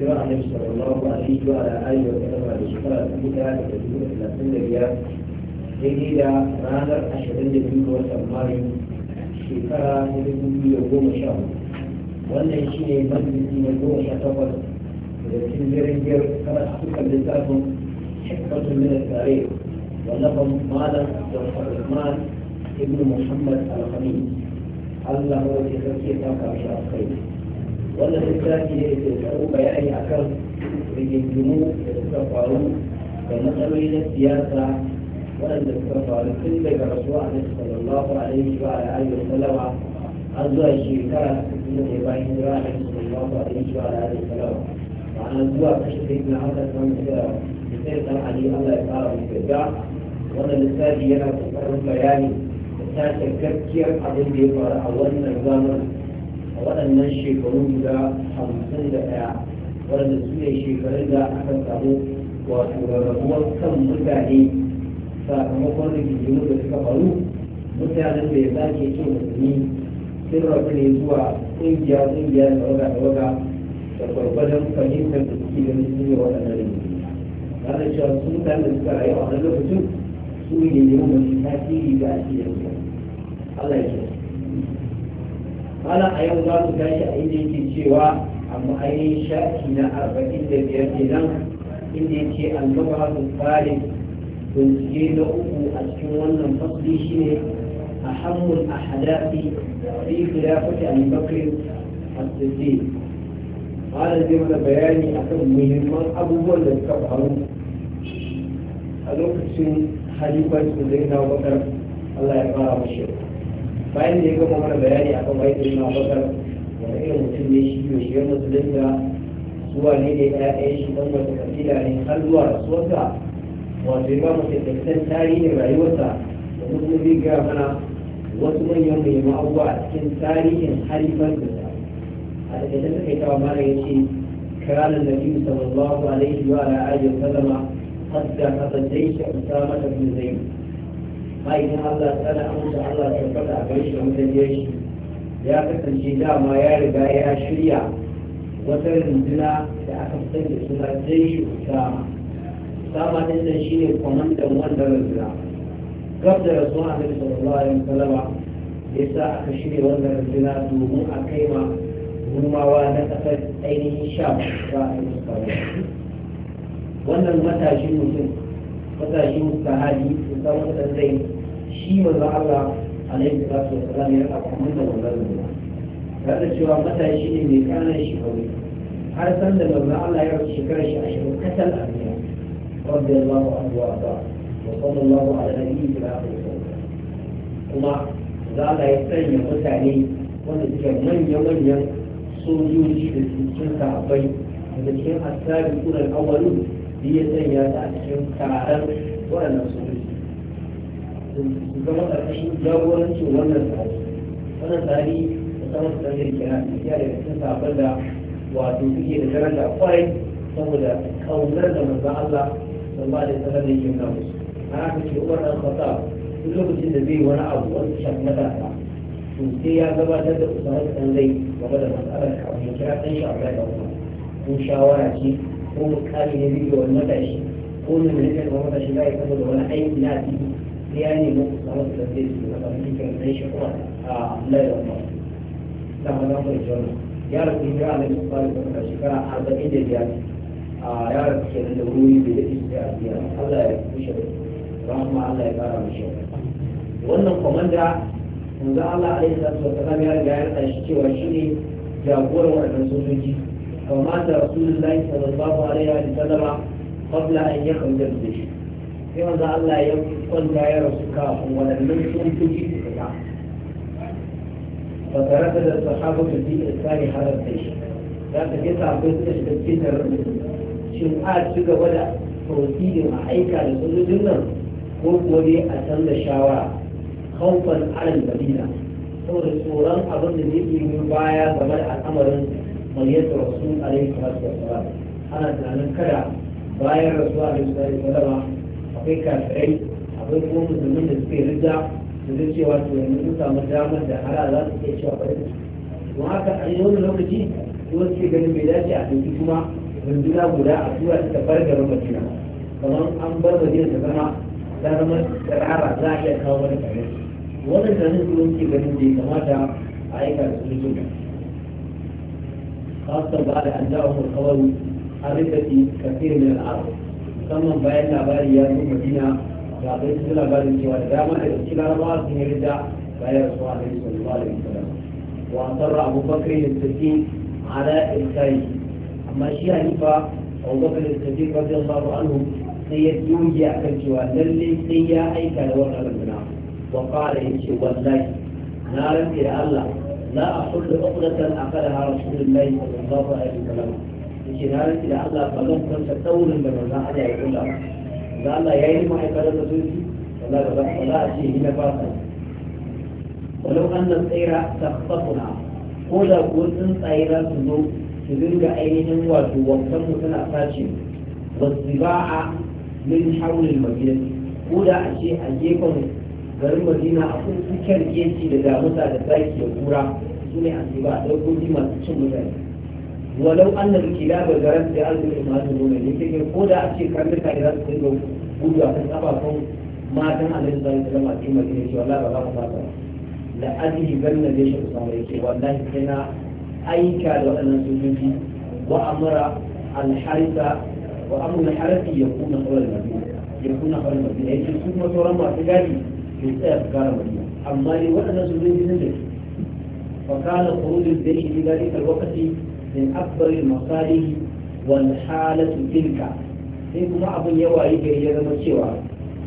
جاء النبي صلى الله عليه وعلى آله وسلم على الشفاء الكبرى تكون ثلاثين ريال جديدة رانر أشهد منك وسماري شفاء تكون يوم شهر wannan shi ne majalisi na goma sha takwas da cikin jirin jir kamar a suka littafin hikmatun min tare wallafan malam da rahman ibn muhammad al-hamid allah wa ya sarki ta karshe a kai wannan littafi ne ke karɓi bayani a kan rigingimu da suka faru da matsaloli na siyasa waɗanda suka faru tun daga rasuwa a nasu sallallahu alaihi wa alaihi wa sallama har zuwa shekara da ke bayan jira a nasu sallallahu alaihi wa alaihi wa sallama ma'ana zuwa kashe kai na haka san da sai dan ali Allah ya fara mu gaja wannan littafi yana kokarin bayani da tace gaskiyar abin da ya faru a wannan zamanin waɗannan shekaru guda hamsin da ɗaya wanda su ne shekarun da aka samu wato rarrabuwar kan mutane sakamakon rigingimu da suka faru mutanen da ya sake ce musulmi sun rabu ne zuwa ƙungiya ƙungiya da waga da waga da gwargwadon fahimtar da suke da ne waɗannan rigingimu na da cewa su mutanen da suka rayu a wani lokacin su ne ne mun tasiri ga ake yanzu Allah ya mana a yau za mu tashi a inda yake cewa amma ainihin shafi na arba'in da biyar kenan inda yake al-mabahar al-farid bincike na uku a cikin wannan fasli shine أهم الأحداث في خلافة أبي بكر الصديق قال زي ما بياني أكثر مهم أبو بكر كفر ألوك سن خليفة سيدنا أبو بكر الله يبارك فيك bayan da ya gama mana bayani akan wai da yana bakar wani irin mutum ne shi yau shi yana musulunta zuwa ne da ya'yan shi dan wata kabila ne har zuwa rasuwarsa wato ya ba mu tattakitan tarihin rayuwarsa da musulmi ga mana wasu manyan muhimman abubuwa a cikin tarihin halifar da a daga da suka yi tawa mana ya ce كان النبي صلى الله عليه وعلى آله وسلم قد حفظ جيش أسامة بن زيد bayan Allah tsara amince Allah ta faɗa a gari shi wanda ya shi ya kasance dama ya riga ya shirya wata runduna da aka fitar da suna zai sama sama din nan shi ne kwamandan wannan runduna gab da rasuwa a nabi sallallahu alaihi wasallama ya sa aka shirya wannan runduna domin a kai ma rumawa na ƙasar ainihin sha ba a yi wannan matashin mutum matashin sahabi إنسان وتنزين شيء من الله عليه الصلاة والسلام يرفع من الله هذا الشيء متى شيء من كان شيء har san da manzo Allah ya rubuta shekarar shi ashirin kasal abiya rabbi Allah wa abu wa ba wa sallallahu ala nabiyyi wa alihi kuma za Allah ya sanya mutane wanda suke manya manyan sojoji da cikin sahabbai da cikin asabi kunan awwalu da ya sanya ta a cikin taron waɗannan sojoji su zama ƙarƙashin jagorancin wannan tsari wannan tsari da samar da tsari ke na iya da cikin sabon da wato suke da daraja kwarai saboda kaunar da manzon Allah sallallahu alaihi wasallam da yake nuna musu ana ka ce Umar dan Khattab duk lokacin da zai wani abu wanda shafi matasa to sai ya gabatar da Usman dan zai game da matsalar kafin ya kira dan Sha'ban da Umar ko shawara ce ko mukami ne bidiyo wani matashi ko ne ne ne wani matashi zai kama da wani aiki na addini يعني ممكن صلاة التسليم مثلا ممكن نعيش لا يرضى لما نقول الجنة يا رب إن جاء النبي صلى الله عليه وسلم شفاء أربعين ديال يا رب كان الدوري بالإستعداد الله يكفيش رحمة الله يبارك فيك wannan komanda yanzu Allah alaihi salatu wa salam ya riga ya rada shi cewa shi ne jagoran waɗannan sojoji kamar da Rasulullahi sallallahu alaihi wa sallam qabla an yakhruja min sai manzo Allah ya kwanta ya rasu kafin waɗannan tsokoki su fita ba tare da sahaba da bi iskari halarta shi za ta ga sahabbai suka shiga cikin tarin shin a ci gaba da tausidin a aika da sojojin nan ko kuwa dai a canza shawara kawfan alal madina saboda tsoron abin da zai yi baya game da al'amarin mariyar rasul alaihi salatu wasalam ana tunanin kada bayan rasuwa alaihi salatu wasalam akwai kafirai akwai kuma musulmin da suke rija da zai cewa to yanzu sun samu damar da hara za su iya cewa bari don haka a yi wani lokaci ko suke ganin bai dace a ɗauki kuma runduna guda a tura su ta bar garin madina kamar an bar madina ta zama ta zama tsirara za a iya kawo wani kare wannan da nan kuma suke ganin bai kamata a aika da su zuwa خاصة بعد أن جاءهم الخبر عن ردة كثير من العرب musamman bayan labari ya zo madina da akwai su labarin cewa da dama daga cikin larabawa sun yi rida bayan rasuwa alaihi sallallahu alaihi wasallam wa asarra abubakar siddiq ala irkai amma shi hanifa abubakar siddiq radiyallahu anhu sai ya doge akan cewa lalle sai ya aika da wannan rubuna wa qala yace wallahi na rantsi da Allah la أحل عقدة أخذها رسول الله صلى الله عليه وسلم ce na rufe da Allah ba zan san ta tsaurin da manzan Allah ya kula ba da Allah ya yi ma'aikar da zuci wala ba za a ce ni na fasa walau an nan tsaira ta fasuna ko da ko tsuntsaye za su zo su dinga ainihin wato wankan mu tana sace wasu ba'a min haulin madinati ko da a ce a gefen garin madina akwai tsakiyar geci da damusa da zaki da kura su ne a ba a ɗaukoki masu cin mutane ولو أن الكلاب جرت في بألف الإمام الرومي لكن يقول أشي كرمك إذا تقول قولوا أحد أباكم ما كان عليه الصلاة والسلام أكيد مدينة ولا بلا لا أدري بل جيش أسامة والله كنا أي كاد وأنا سجدي وأمر الحارث وأمر الحارث يكون حول المدينة يكون حول المدينة أي ما سوق وترمى تجاري يستأف كار المدينة أما لو أن سجدي نزل فكان خروج الدين في ذلك الوقت من أكبر المصالح والحالة تلك إن كما أبن يوائي كي يدم الشيوى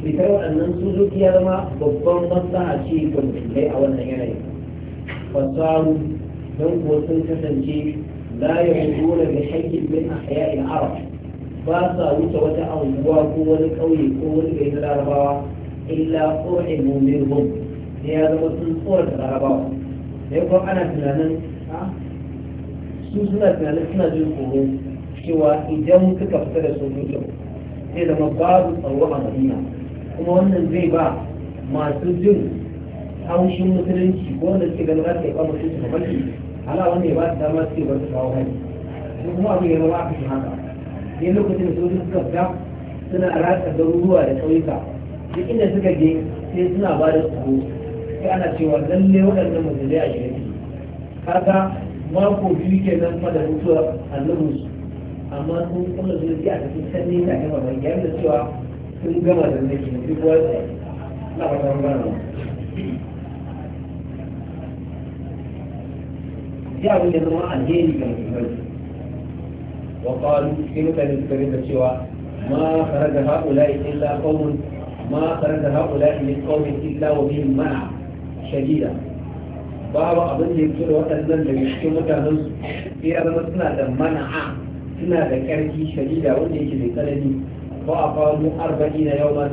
لتروا أن ننسوزو كي يدم ببان مصلحة شيكم لي أولا يلي يعني. فصاروا ننقوا سنكتن لا يعيشون بحي من أحياء العرب فاسا وتوتا او جواكو ولكو يكون بين الاربا الا ارحموا منهم هي هذا مثل قوة الاربا يقول انا في الانن su suna tunanin suna jin tsoro cewa idan suka fita da mutu, sai zama babu tsaro a madina kuma wannan zai ba masu jin haushin musulunci ko wanda suke ganin za su yi ba su da mulki ala wanda ya ba su dama suke bar su kawo hari su kuma abu ya zama aka shi haka sai lokacin da sojojin suka fita suna ratsa garuruwa da ƙauyuka duk inda suka je sai suna ba da tsoro sai ana cewa lalle waɗannan musulmai a shirye kaka mako biyu ke nan fa da mutuwa annabin su amma sun kuma zuwa ji a cikin san nesa ne mai yar da cewa sun gama da nake duk wanda na ba ta gana ya abin da zama alheri ga musulmai wa qalu sai mutane suka rinka cewa ma kharaja haula'i illa qawmun ma kharaja haula'i min qawmin illa wa bihim ma'a shadida babu abin da yake da waɗannan da cikin mutanen su sai zama suna da mana'a suna da ƙarfi shadida wanda yake mai tsanani ko a faru arba'in na yau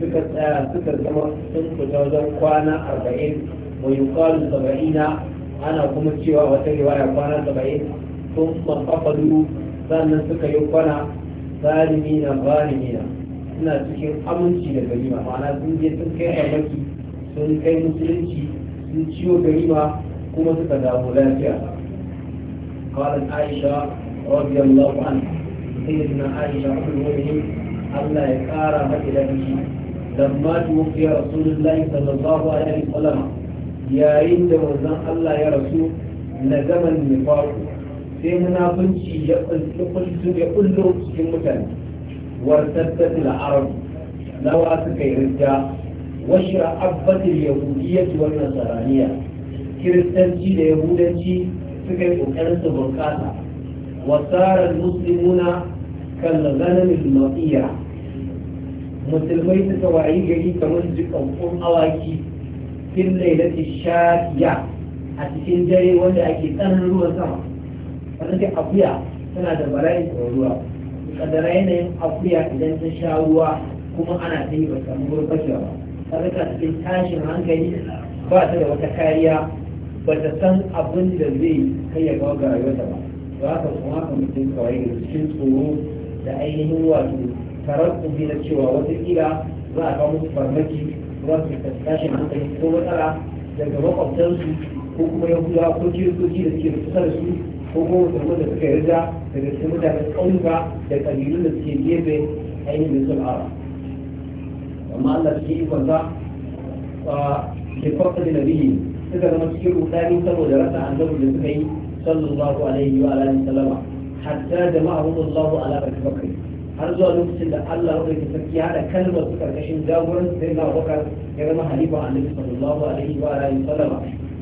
suka tsaya suka zama sun fita wajen kwana arba'in wa yuqalu saba'ina ana kuma cewa wata riwaya kwana saba'in sun mafafalu sannan suka yi kwana zalimina zalimina suna cikin aminci da ganima ma'ana sun je sun kai farmaki sun kai musulunci sun ciwo ganima kuma suka dawo lafiya قالت عائشة رضي الله عنها سيدنا عائشة أم المؤمنين الله يكارى مثل به لما توفي رسول الله صلى الله عليه وسلم يا عند وزن الله يا رسول نزم النفاق sai munafunci ya kullu ya kullu cikin mutane wartattat al-arab lawa suka yi rijja وشعبت اليهودية والنصرانية كريستانتي ليهودتي فكي أكرت بركاتا وصار المسلمون كالغنم المطيع مسلمين توعي جلي كمسجد أبقون أواكي في الليلة الشاكية أتكين جاري وجه أكي تنهلو وسمع فنسي أبيع سنة برائن أولوها قد رأينا نعم أبيع إذا تشاوها كما أنا تيبت أمور بشرة tsarka cikin tashin hankali ba ta da wata kariya ba ta san abin da zai kai ya kawo ga rayuwarta ba to haka kuma haka mutum kawai da cikin tsoro da ainihin wato tarar kuɗi na cewa watakila za a kawo musu farmaki za su tashin hankali ko matsala daga makwabtansu ko kuma yahudawa ko kiristoci da suke kusa da su ko kuma musulman da suka yarda daga cikin mutanen ƙauyuka da ƙabilun da suke gefe ainihin da sun ara amma Allah cikin ikonsa a shekarsa da nabihi suka zama cikin rudani saboda rasa annabi da suka yi sallallahu alaihi wa alihi sallama hatta jama'ahu Allahu ala Abi Bakr har zuwa lokacin da Allah ya ke sarki hada kalmar su karkashin jagoran sai na Bakar ya zama halifa annabi sallallahu alaihi wa alihi sallama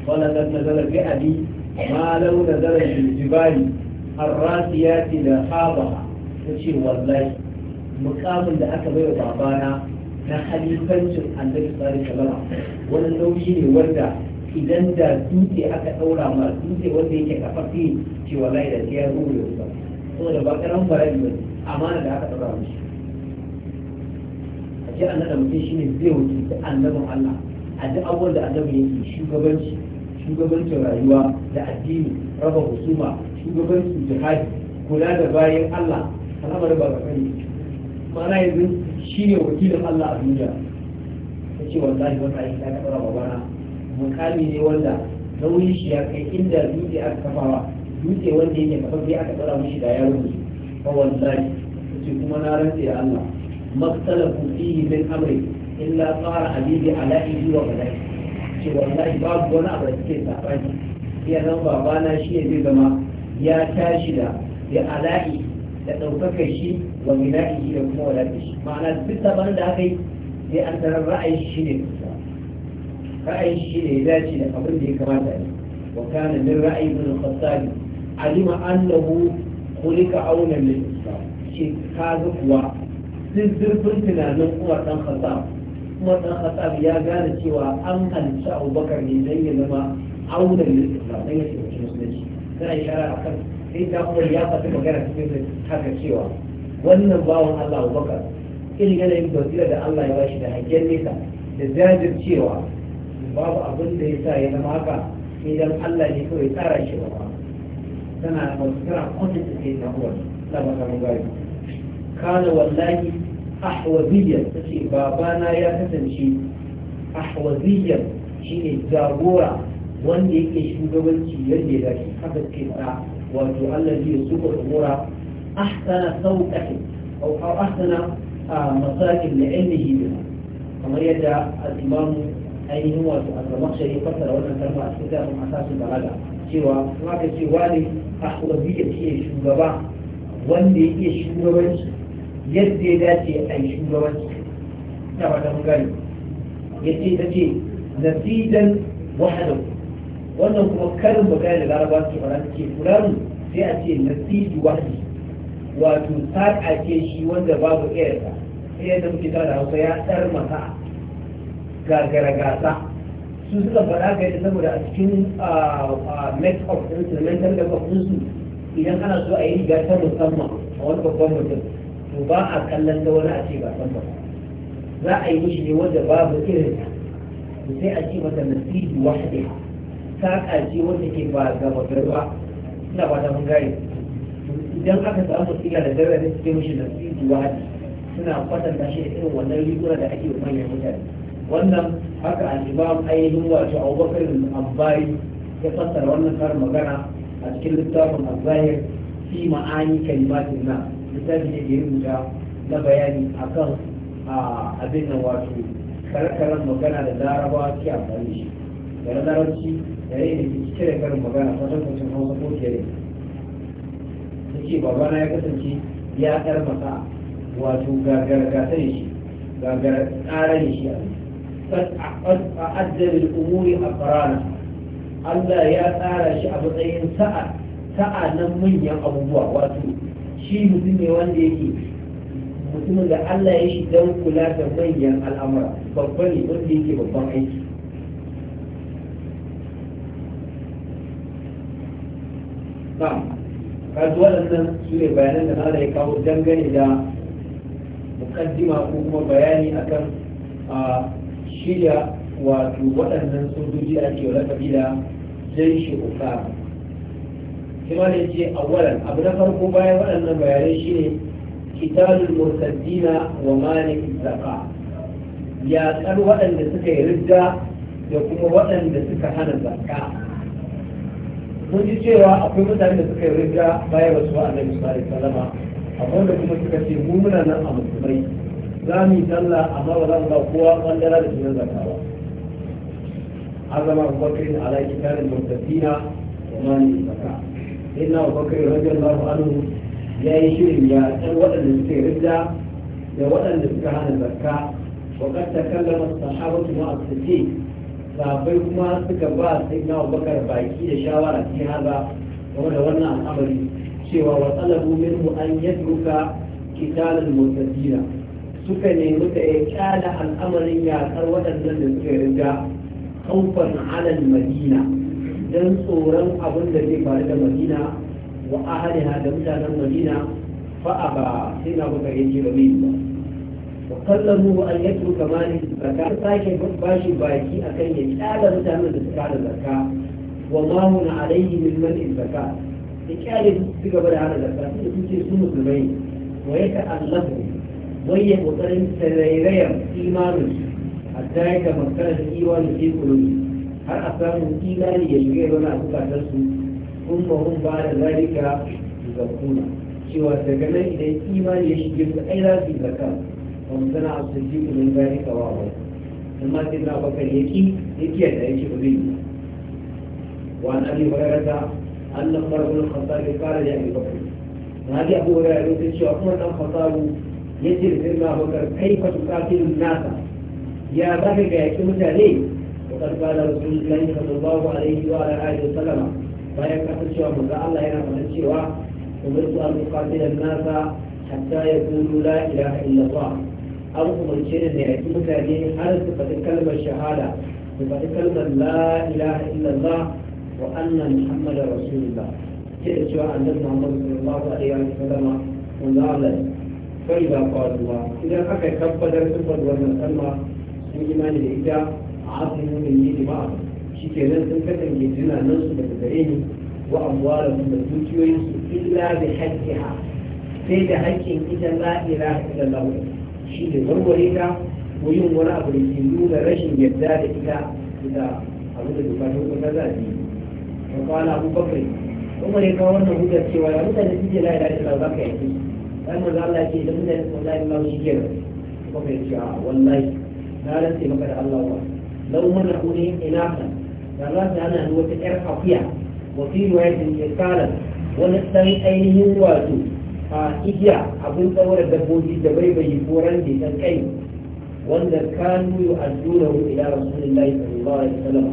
wala dan nazala bi abi ma law nazala bil jibali الراسيات لحابها تشير والله مقام da aka bai wa babana na halifancin annabi sallallahu alaihi wani nauyi ne wanda idan da dutse aka daura ma dutse wanda yake kafafi ce wallahi da ya rubuta ba saboda ba karan faraji ba amana da aka daura mishi a ce annabi mutum shine zai wuce da annabin Allah a duk abubuwan da annabi yake shugabanci shugabancin rayuwa da addini raba husuma shugabancin jihadi kula da bayan Allah al'amari ba ka sani ma'ana yanzu shi ne wakilin Allah a duniya ta ce wallahi wata aiki ta taɓa kaɓa babana mukami ne wanda nauyin shi ya kai inda dutse aka kafawa dutse wanda yake kafafe aka tsara mishi da yaro ne fa wallahi ce kuma na rantse da Allah maktalafu fihi min amri illa tsara habibi ala ihi wa balai ce wallahi babu wani abu da suke sabani iya nan babana shi ne zai zama ya tashi da da ala'i da ɗaukakar shi wa milaki shi da kuma wadatar shi ma'ana duk sabanin da aka yi sai an tarar ra'ayin shi ne ra'ayin shi ne ya dace da abin da ya kamata ne wa kana min ra'ayi bin khattabi alima annahu kulika auna min shi kaga kuwa duk zurfin tunanin uwar dan khattab uwar dan khattab ya gane cewa an halicci abubakar ne dan ya zama auna min islam dan ya ce musulunci kana ishara akan sai ta kuma ya fasa magana cikin haka cewa wannan bawan Allah Abubakar irin yanayin basira da Allah ya bashi da hangen nesa da jajircewa babu abin da ya sa ya zama haka sai dan Allah ne kawai tsara shi ba tana da wasu tana kwanin da sai ta kuwa na ba samun gari kana wallahi ahwaziyyar ta ce babana ya kasance ahwaziyyar shine jagora wanda yake shugabanci yadda ya dace haka ke tsara وتؤلدي سكر أمورا أحسن سوكك أو أحسن آه، مصائب لعلمه بها فما يجع الإمام أي هو الأطلاق شيء قصر وأنا كما أستطيع من أساس البلد سوى ما كسي والي أحوى بيك شيء شنجبا واندي إيه شنجبا يدي ذاتي أي شنجبا تبعنا نعم، نعم، مقالي نعم. يتي ذاتي نتيجا وحده wannan kuma karin magana da laraba ke fara ke fulani sai a ce nasidu wahdi wato saƙa ce shi wanda babu irinsa sai yadda muke tara hausa ya tsar masa gagara gasa su suka fara ga yadda saboda a cikin make of instrumental da ɗinsu idan ana so a yi gasa musamman a wani babban mutum to ba a kallon da wani a ce ba san ba za a yi mishi ne wanda babu irinsa sai a ce masa nasidu wahdi saƙa ce wanda ke ba ga magaruwa suna ba ta hungari idan aka samu tsira da dare da suke mishi nasibu wadi suna kwatanta shi da irin wannan riguna da ake manyan mutane wannan haka a imam ainihin wato abubakar al ambari ya fassara wannan karin magana a cikin littafin azahir fi ma'ani kalimatin na littafin da ya rubuta na bayani akan abin nan wato karkarar magana da larabawa ke amfani shi da larabci yare da ke cire karin magana wajen kwacin hausa ko kere ta ce babana ya kasance ya ɗar masa wato gagargasa ne shi gagar ƙara ne shi a addabin umuri a farana Allah ya tsara shi a matsayin sa'a sa'a na manyan abubuwa wato shi mutum ne wanda yake mutumin da Allah ya shi don kula da manyan al'amura babba ne wanda yake babban aiki kasu waɗannan su ne bayanan da nada ya kawo dangane da mukaddima ko kuma bayani akan a shirya wato waɗannan sojoji da ke wala kabila zai shi uka da ce awalan abu na farko bayan waɗannan bayanai shine kitalul murtaddina wa malik zaka yaƙar waɗanda suka yi ridda da kuma waɗanda suka hana zaka mun ji cewa akwai mutane da suka riga bayan rasuwa annabi sallallahu alaihi wasallam akwai da kuma suka ce mu muna nan a musulmai za mu yi sallah amma ba za mu ba kowa bandara da sunan zakawa azama abubakar da ala kitabin mutafina wa ma ni zaka inna abubakar radiyallahu anhu ya yi shirin ya ɗan waɗanda suka riga da waɗanda suka hana zakka wa kad takallama sahabatu ma'a sittin sahabbai kuma suka ba sai na bakar baki da shawara fi haza game da wannan al'amari cewa wa talabu minhu an yadruka kitalul mutadina suka nemi da ya kyala al'amarin yakar waɗannan da suka riga kaufan alal madina dan tsoron abin da zai faru da madina wa ahliha da mutanen madina fa aba sai na bakar yace ba zai ba وقلبوا أن يترك ماله الزكاة ساكي باشي باكي أكي يتعالى متعمل الزكاة الزكاة والله عليه من من الزكاة إكالي في قبل على الزكاة تكون سنة المين ويتألف ويه وطرم سريريا إيمان حتى يتمكن الإيمان في قلوبه هل أفهم إيمان يشبه لنا أبقى ترسو ثم هم بعد ذلك يزكون سوى سكنا إذا إيمان يشبه أيضا في الزكاة وامتنع الصديق من ذلك واعظم لما سيدنا ابو بكر يكي يكي يدا يكي بزي وعن ابي هريره ان عمر بن الخطاب قال لابي بكر هذه ابو هريره يقول عمر بن الخطاب يجري سيدنا ابو بكر كيف تقاتل الناس يا بكر يا يكي لي وقد قال رسول الله صلى الله عليه وعلى اله وسلم bayan kasancewa manzo Allah yana faɗa cewa umirtu an uqatila an-nasa hatta yaqulu la ilaha illa Allah an umarce ni ne a mutane har su faɗi kalmar shahada su faɗi kalmar la ilaha illallah wa anna muhammadu rasulullah ce da cewa annabi muhammadu sallallahu alaihi wa sallam wanda Allah kai ba faruwa idan aka tabbatar sun faɗi wannan kalma sun imani da ita a asirin da yi ba shi ke nan sun kasance jinanan su daga gare ni wa amwara su da dukiyoyin su illa bi haqqiha sai da haƙƙin ita la ilaha illallah shi ne warware ta ko yin wani abu da ke nuna rashin yadda da ita da abu da bukatun wata za a yi ta kwana abu bakwai kuma ne kawo wannan hujjar cewa ya mutane su ke la'ila da za ka yaki sai maza Allah ce da mutane su wallahi ma shi ke kuma kai ce wallahi na rantse maka da Allah wa lau mana kuni inafa da za ta hana ni wata ƴar afiya wa fi riwayatin ke kala wani ɗan ainihin wato a igiya abin tsawar dabbobi da bai bai koran da ta kai wanda kanu a adduna hu ila rasulillahi sallallahu alaihi wasallam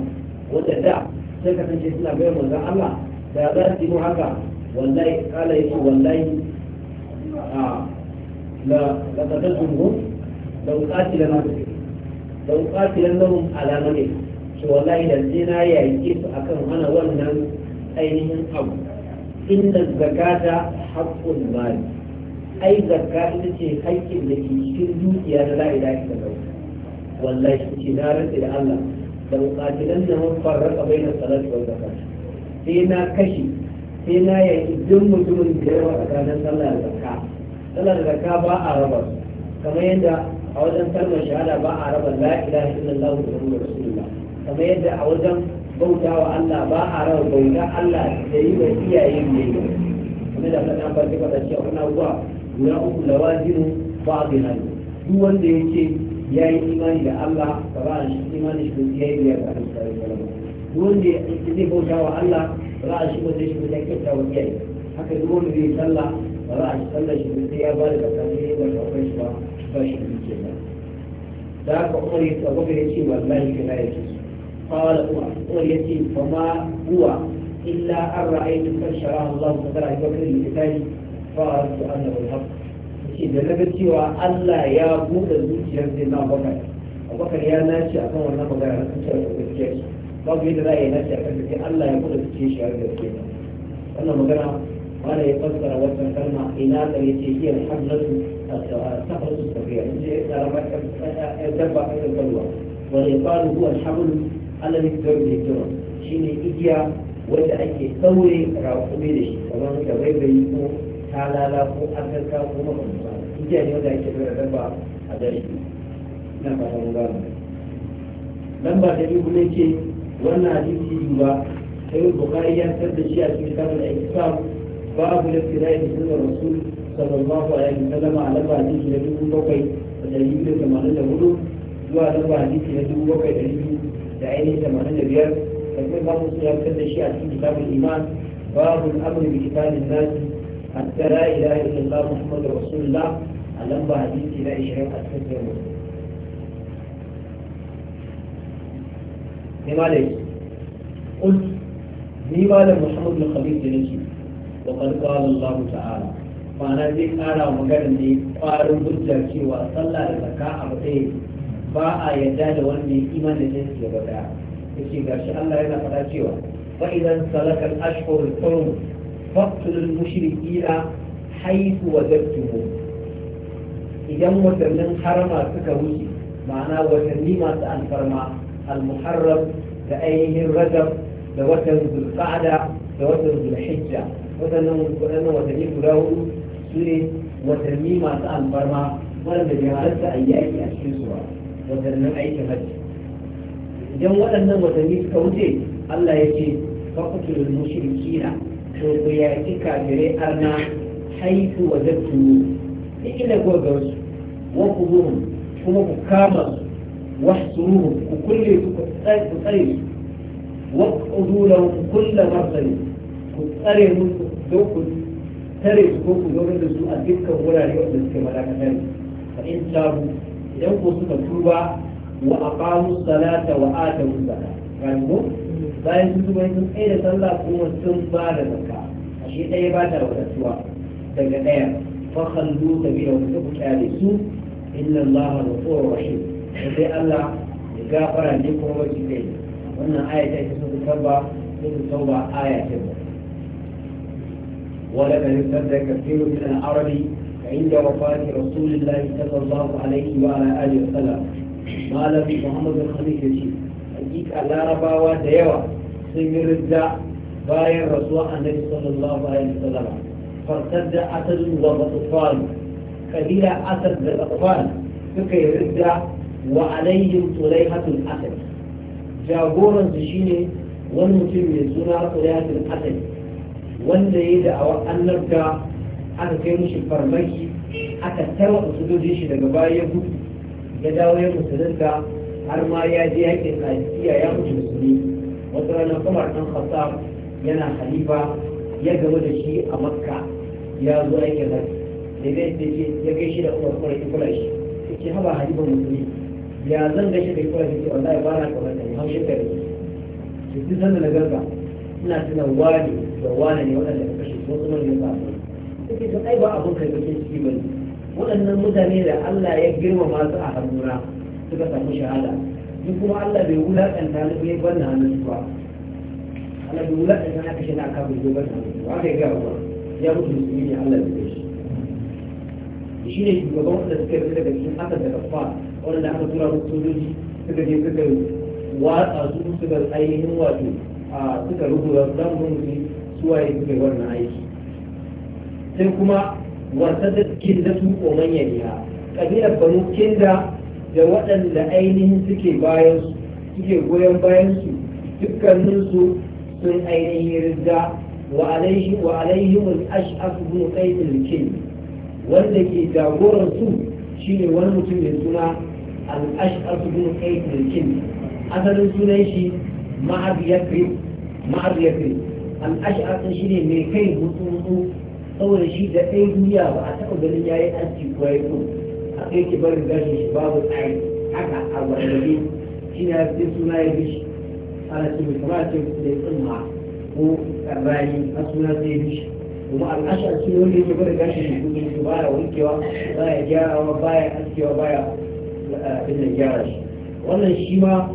wanda da sai kasance suna bai manzon Allah da za su yi haka wallahi kala yake wallahi a la laqadatuhum law qatilana law qatilannahum ala mani to wallahi da sai na yake su akan hana wannan ainihin abu inda zakata haƙƙun mali ai zakka ita ce haƙƙin da ke cikin dukiya da la ilaha illallah wallahi ce na rantsi da Allah da muƙatilan da mun farraka baina salati wa zakat sai na kashi sai na yaki duk mutumin da yawa tsakanin sallah da zakka sallah da zakka ba a raba kamar yadda a wajen kalmar shahada ba a raba la ilaha illallah wa rasulullah kamar yadda a wajen bauta wa Allah ba a rawa bauta Allah da yi wa iyayen ne kuma da faɗa farko faɗa cewa kuna zuwa guda uku lawazimu ba a duk wanda ya ce ya yi imani da Allah ba ba a shi imani shi ya yi biyar ba duk wanda ya zai bauta wa Allah ba za a shi wanda shi wanda ya kyauta wa iyaye haka duk wanda ya yi sallah ba za a shi sallah shi sai ya ba da zakatun ya ba kawai shi ba ba shi da ke ba da haka umar ya tsawo ya ce wallahi kana ya ce قال هو اليتيم وما هو إلا أن رأيت قد شرعه الله تعالى أبي بكر لقتالي فأردت أنه الحق shi da naga cewa Allah ya buɗe zuciyar sai na bakar bakar ya nace akan wannan magana na zuciyar da gaskiya shi babu yadda za a yi nace akan gaskiya Allah ya buɗe zuciyar shi har gaskiya wannan magana wanda ya fassara wannan kalma ina da yace iya hamlatu safaratu safiya in je karama ya dabba a kan kalwa wani ya faru huwa hamlu ana nufi da hikima shine igiya wanda ake saure raƙume da shi kamar da baibayi ko talala ko agarka ko makamta igiya ne wanda ake dora dabba a dare ina fata mun gano lamba ta biyu kuma ke wannan hadisi ba sai bukari ya tsar da shi a cikin kamar al-islam babu lafiyar da sunnar rasul sallallahu alaihi wasallam a lamba hadisi na dubu bakwai da dari biyu da tamanin da hudu zuwa lamba hadisi na dubu bakwai da dari biyu بعينه كما عند الرياض فمن بعض الصيام كل شيء في كتاب الايمان باب الامر بكتاب الناس حتى لا اله الا الله محمد رسول الله علم بحديث لا اشياء حتى نماليس قلت نيوال محمد بن خبيب جنسي وقد قال الله تعالى فانا ذي قال ومقرن دي قارن بجرسي وصلى لزكاة عبتين ba a yadda da wani mai imanin da jinsi bada daya yace gashi Allah yana fada cewa fa idan salakal ashhurul hurum faqtulul mushrikeena haythu wajadtumuhum idan watannin harama suka wuce ma'ana watanni masu alfarma al-muharram da ainihin rajab da watan zulqa'da da watan zulhijja waɗannan waɗannan watanni guda hudu su ne watanni masu alfarma waɗanda bai halatta a yaki a cikin su ba watannin aikin hajji idan waɗannan watanni suka wuce Allah ya ce fakutul mushrikina to ku yaki kafirai arna haifu wa zattu ni ina kuka ga wa kuzuhum kuma ku kama su wa suruhum ku kulle su ku tsare su wa qudu ku kulle martani ku tsare mu ku ku tare su ko ku zo da su a dukkan wurare wanda suke malakatar tare fa in tabu idan ko suka tuba wa aqamu salata wa atu zakat galibu bayan sun tuba sun tsaye da sallah kuma sun ba da zakka ashe ɗaya ba ta wadatuwa daga ɗaya fa khallu sabila wa tabu kyale su inna allaha ghafurur rahim sai Allah ya gafara ne kuma wacce kai wannan aya ta ce sun tauba sun tauba aya ce ولقد ارتد كثير من العرب عند وفاة رسول الله صلى الله عليه وعلى آله وسلم قال محمد الخليفة حديث على ربا وديوة سمير الزع باية رسول النبي صلى الله عليه وسلم فارتد أسد وبطفال كليل أسد للأطفال فكي رزع وعليهم طليحة الأسد جابورا زشيني ومن تم يزونا طليحة الأسد وانده يدعو أن نرجع aka kai mushi farmaki aka tarwa sojojin shi daga baya ya gudu ya dawo ya musulunta har ma ya je ke kadiya ya mutu musulmi wata ranar kamar ɗan khattab yana halifa ya gama da shi a makka ya zo aikin hajji da zai ce ya kai shi da umar kuma ya kula shi yake haba halifa musulmi ya zan gashi da kula shi wallahi ba na kamar da ya hau da ta su duk sanda na garba ina tuna wani da wani ne waɗanda ka kashe ko kuma ne ba suke sun ai ba abun kai bakin ciki bane waɗannan mutane da Allah ya girmama su a hannuna suka samu shahada ni kuma Allah bai wulaƙanta ni bai ban na hannun su ba Allah bai wulaƙanta na kashe na kafin bai ban na hannun su ba haka ya gaba ba ya mutu musulmi ne Allah bai kashe shi ne shugaban wanda suka yi daga cikin haka daga fa wanda aka tura su sojoji suka je suka watsa su suka ainihin wato suka rubuta zamu musulmi suwaye suka yi wannan aiki sai kuma wasadat kindatu umman yaniha kabilar banu kinda da waɗanda ainihin suke bayan su suke goyon bayan su dukkanin su sun ainihin rizda wa alaihi wa alaihim al-ash'af ibn qais al-kin wanda ke jagoran su shine wani mutum mai suna al-ash'af ibn qais al-kin asalin sunan shi ma'ab yakrib ma'ab yakrib al-ash'af shine mai kai mutum أول شيء ذا أي نيابة أعتقد أن الجاية أنت كويكو أقيت بل بلش شباب الحي حقا حقا الوليد شنا بدين سنا يبش أنا سمي فراتي بسليت أمها هو أباني أسنا سيبش وما الأشعر سنو اللي يتبر بلش شبابه شبابه ويكيوا بايا جارة وبايا أسكيوا بايا بنا جارش وأنا الشيما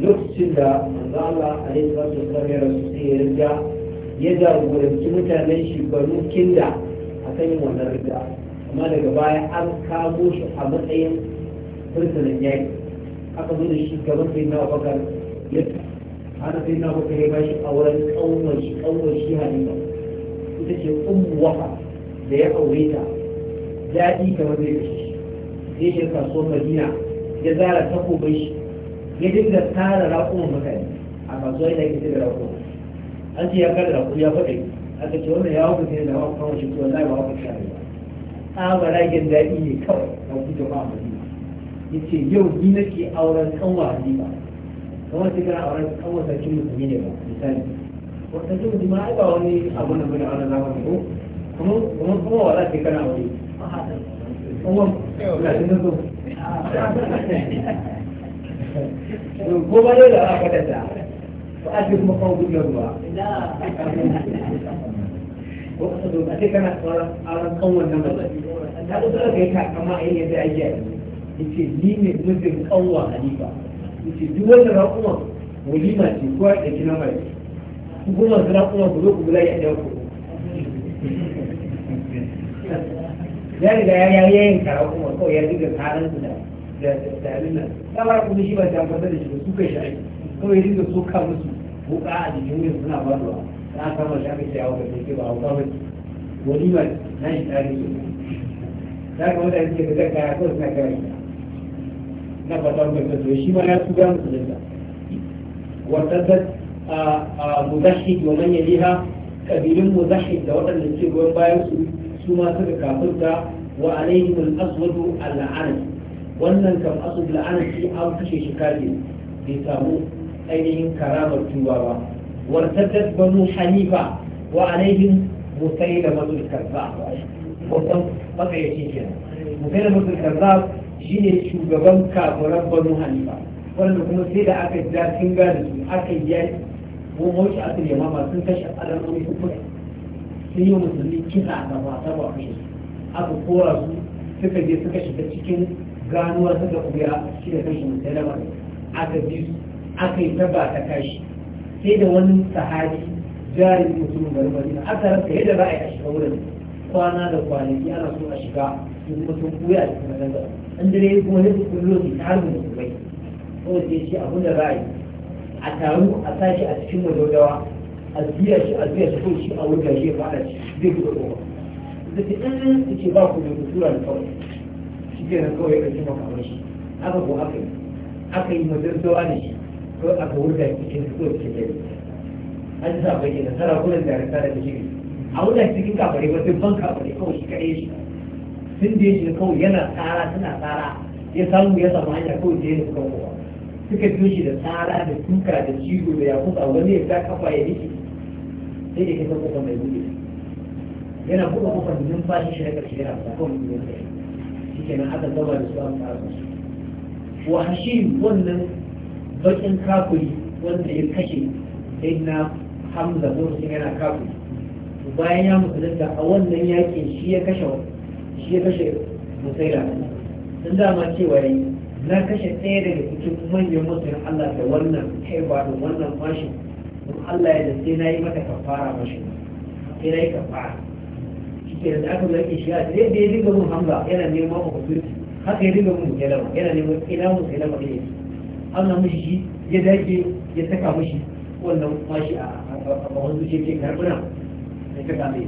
لوكس سنة من الله عليه الصلاة والسلام يا رسول ya jagoranci mutanen shekaru kinda a kan yin wannan rida amma daga baya an kamo shi a matsayin fursunan yaki aka zo da shi gaban sai na bakar ya ana sai na bakar ya bashi a wurin kawon shi kawon shi halima ita ce ummu waka da ya aure ta daɗi kamar zai kashe zai shi kasuwar madina ya zara takobin shi ya dinga tara raƙuman mutane a kasuwa ke gida da raƙuman an ya kada da ya faɗi aka ce wannan ya hukunta ne da wannan shi to lai ba hukunta ne a ba da yin dadi ne kawai da ku ba madina yace yau ni nake auren kanwa ba kuma sai kana auren kanwa sarki musulmi ne ba misali ko ta ji mutum ai ba wani abu na bane auren zamani ko kuma kuma kuma wala ke kana wani ko ba da aka kwatanta وأجل مقاوم يروى لا وأقصد أتي كانت على القوة النمط هذا ذلك يكا كما هي بأجل يتي لين مثل قوة حليفة يتي دول رقوة وليما تكوى لكنا مريك كما زرقوة بلوك بلا يأجوكم ذلك يا يين كرقوة ko ya riga karan da da abin nan ta ba ku shi ba ta fata da shi suka shi kawai riga buka a jikin yin suna faruwa na kama shi aka ce a wakar ke ba a wakar wani ba na shi tsari ne ta kama da suke da zaka ya kawai suna kawai na fata mai kasu shi ma ya tuga musu zaka wata a mudashid wa man yaliha kabilun mudashid da waɗanda ke goyon bayan su su ma suka kafinta wa alaihim al-aswadu al wannan kam aswad al-anas an kashe shi kafin bai samu ان أيهم كرام الجوارة وارتدت بنو حنيفة وعليهم مسيلة بنو الكذاب وطن بقية جيجنة مسيلة بنو الكذاب جيني شوق بمكا ورب بنو حنيفة ولن نكون سيدة أكد دار سنغاز أكد يال وموش أكد يماما سنتش على الأمي كفر سيوم سنين كيخا عنا واسا وحيش أبو قورس سكد يسكش بشكين غانوا سكد أبيا شيرا كيش مسيلة بنو أكد يسكد aka yi ta ba ta kashi sai da wani sahabi jari, mutumin garin madina aka rasa yadda za a yi a shiga wurin kwana da kwanaki ana so a shiga sun mutum kuya a cikin madanga an dare kuma ne su kullo su ta harbin musulmai Kuma sai shi abin da za a yi a taru a sashi a cikin madogawa a biya shi a biya shi ko shi a wurin shi ya fada shi zai gudu kowa da ta ɗan su ce ba ku da kusura da kawai shi ke nan kawai ya ɗauki maka shi haka ko aka yi aka yi madarzawa da shi ko a ga wurin cikin ko cikin an sa na bayyana sarakunan da rasa da jiri a wurin cikin kafare ba duk ban kafare kawai shi kaɗai shi sun da shi kawai yana tsara suna tsara ya samu ya samu hanya kawai da ya nuka kowa suka biyo shi da tsara da tuka da cigo da ya kusa wani ya ta kafa ya rike sai da ya kasa kofar mai buɗe yana buɗe da numfashi shi na ƙarshe yana fasa kawai mai buɗe shi kenan aka zama da su a tsara su wa hashim wannan bakin kafiri wanda ya kashe sai na hamza lokacin yana kafiri bayan ya mutu musulunta a wannan yakin shi ya kashe shi ya kashe musaila sun dama cewa yi na kashe ɗaya daga cikin manyan mutane Allah da wannan haiba da wannan mashin Kuma Allah ya dace na yi mata kafara mashin sai na yi kafara shi ke da aka zai shi a sai da ya dinga mun hamza yana neman opportunity haka ya dinga mun musulama yana neman ina musulama ne auna mishi shi ya dace ya saka mishi wannan kwashi a wani zuciya ce karbuna ya saka mai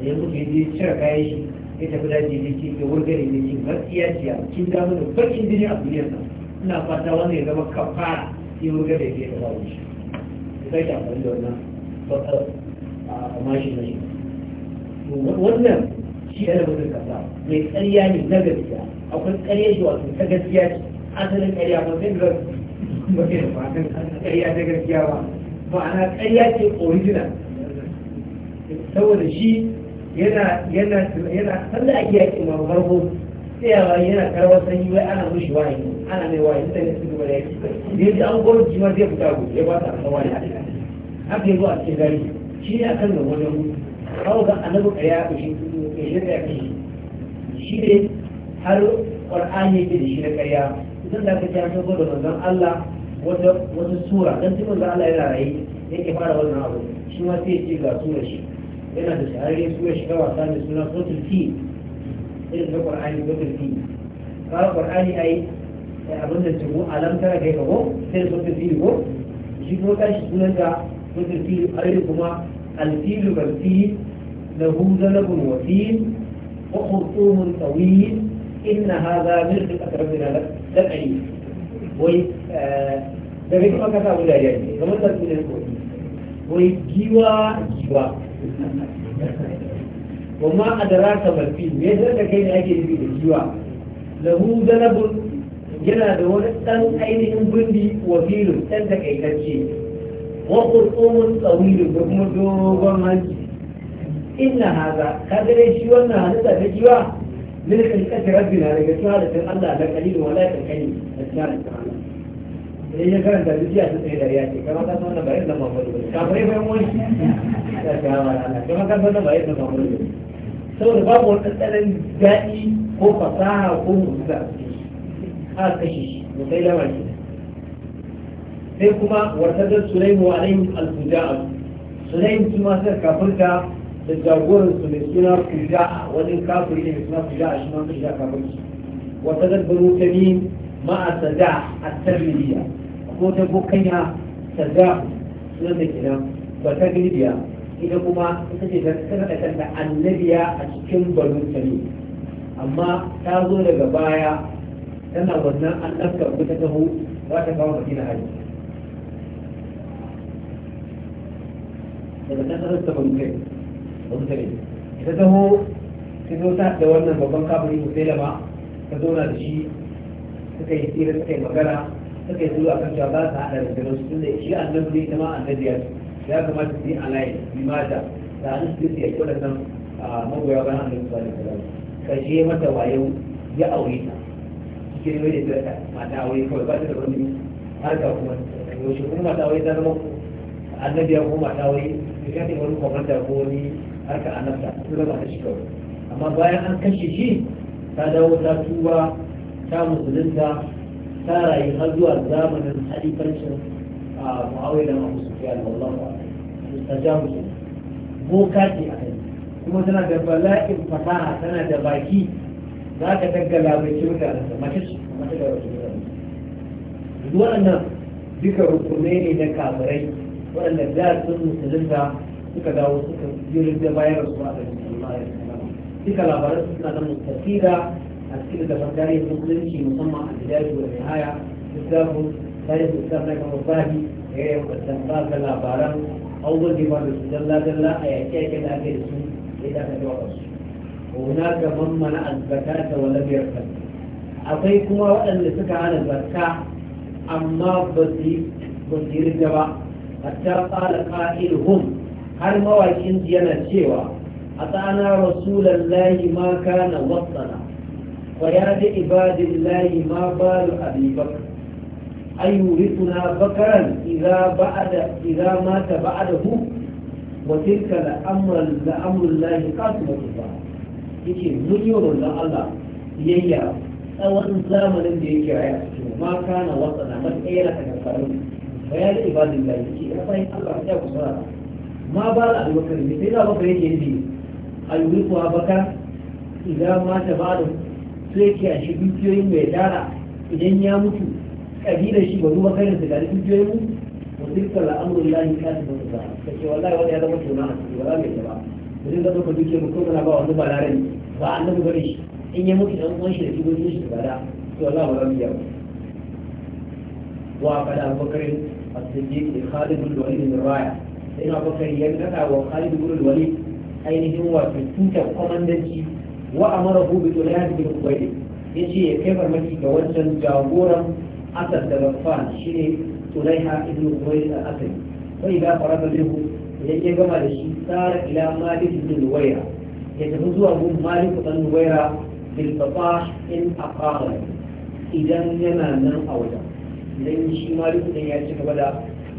da ya mutu ya je cire kayan shi ya tafi daji ne ce ya wurgare ne ce gaskiya ce a cikin damar da bakin jini a duniyar nan ina fata wannan ya zama kafara ya wurgare ya da babu shi ya sake amfani da wannan bakar a mashi na shi wannan shi yana mutum kasa mai tsariya ne na gaskiya akwai tsariya shi wato ta gaskiya ce asalin ƙarya ba zai zan ba ke da fatan ƙarya ta gaskiya ba ma'ana ƙarya ce original saboda shi yana yana yana sallah ake yaƙi ma farko tsayawa yana karwa sanyi wai ana mushi wahayi ana mai wahayi sai ne su gaba da yake da yaji an gwamnati ma zai fita gobe ya ba ta a cikin haka yi a cikin gari shi ne akan da wani mutu kawo ga annabi ƙarya a shi ya shirya shi ne har ƙwar'ani yake da shi na ƙarya tun da aka ce an sauko da manzon Allah wata wata sura dan tun manzon Allah yana raye yake fara wannan abu shi ma sai ce ga sura shi yana da shahararren sura shi kawai sami suna suratul fi irin na Qur'ani suratul fi ka Qur'ani ai abin da tumu alam tara kai ka ko sai suratul fi ko shi ko tashi sunan ka suratul fi ai kuma alfilu bil fi له ذنب وثيل وخرطوم طويل إن هذا من خلقة ربنا لك dan ɗari wai da mai kuma kasa guda ya ne kamar da su ne ko wai giwa giwa wamma a da raka mafi me zan da kai ne ake nufi da giwa lahu zanabun yana da wani ɗan ainihin gundi wa filin ɗan takaitacce wa kurkumun tsawilin da kuma dogon hanci inna haza ka gare shi wannan halitta ta giwa من خلقة ربنا على لقصالة الله لا قليل ولا تقليل الثالث تعالى هي كانت بديها تسعيد رياتي كما كانت أنا بعيد لما أقول كافرين بيموش كما كانت أنا بعيد لما أقول سوى باب والأسئلة جائي هو فصاحة وهو مستقبل هذا كشيش مسيلة ماشية sai kuma wartadar sulaimu alaihim al-fuja'a sulaim kuma sai تزوجون سلسلة فجاء ولن كافر إلي بسنا فجاء في فجاء كافر وتدد بنو تمين ما أتدع التبليدية أقول تبو كنيا تدع سنان فجاء وتبليدية إذا كما تجد سنة تدع النبي أشكم بنو تمين أما تازو لغبايا تنا ودنا أن أفكر بتته واتكاو مدينة هذه لكن أنا أستطيع musulmi ita taho ta zo ta da wannan babban kafiri lama ta zauna da shi suka yi tsira suka yi magana suka yi zuwa kan cewa ta su haɗa da jiran su tunda shi annabi ne kuma annabi ya ya kamata su yi layi bi mata da an su ya kula nan a magoya bayan annabi da alaihi ka je mata wayo ya aure ta cikin wani da mata aure kawai ba ta da wani harka kuma yaushe kuma mata aure ta zama annabi ya koma ta wai ya kace wani komanda ko wani harka annabta sun raba ta shi kawai amma bayan an kashe shi ta dawo ta tuba ta musulunta ta rayu har zuwa zamanin halifancin a mu'awai da mahu sufiya da wallahu ta ja musu boka ce a kai kuma tana da bala'in fasaha tana da baki za ka daggala mai kirga da mace su mace da wasu waɗannan duka rukunai ne na kafirai waɗanda da sun musulunta suka dawo suka jirin da bayan rasu a ɗari sallallahu alaihi wasallam duka labaran su suna da mustafida a cikin da tarihin musulunci musamman a bidayatu wa nihaya littafin tarihin islam na kamar bahi da ya yi kwatanta da labaran abubuwan da ba da su dalla-dalla a yaƙe-yaƙe da ake da su ya dafa da wasu هناك من منع الزكاة ولم يرتد أقول كما وأن لسكة على الزكاة أما بسيط بسيط الجبع hatta qala qa'iluhum har mawakin yana cewa atana rasulallahi ma kana wasana wa ya da ibadillahi ma balu abi bakr ayurithuna bakran idza ba'da idza mata ba'dahu wa tilka al-amru al-amrullahi qasimatu yake mun yi wa Allah biyayya tsawon zamanin da yake raya ma kana wasana matsayar ta karfaru bayan da ibadin da yake ya bayan Allah ya ku sara ma ba da abubakar ne sai da bakar yake yi ayyuku abaka idan ma ta ba da su yake a shi dukiyoyin mai dara idan ya mutu kabilar shi bari bakarin su gari dukiyoyin mu وتلك الامر الله كاتب الله kace wallahi wani ya zama tona a cikin wala mai jaba mun ga duka duke mu kuma na ba wani ba larin ba annabi gare shi in ya mutu dan uwan shi da dubo shi da bada to wallahi ba zan biya wa kada abubakar الصديق لخالد بن الوليد بن رايح سيدنا ya بكر ينكتا وخالد بن الوليد ainihin wato tutar kwamandanci wa amara hu bi tulhan bin ubaydi yace ya kai farmaki ga wancan jagoran asad da rafan shine tulaiha ibn ubaydi al asali sai da faraga lahu idan ya gama da shi tsara ila malik bin nuwaira ya tafi zuwa gun malik dan nuwaira bil fatah in aqama idan yana nan a wajen idan shi malik din ya ci gaba da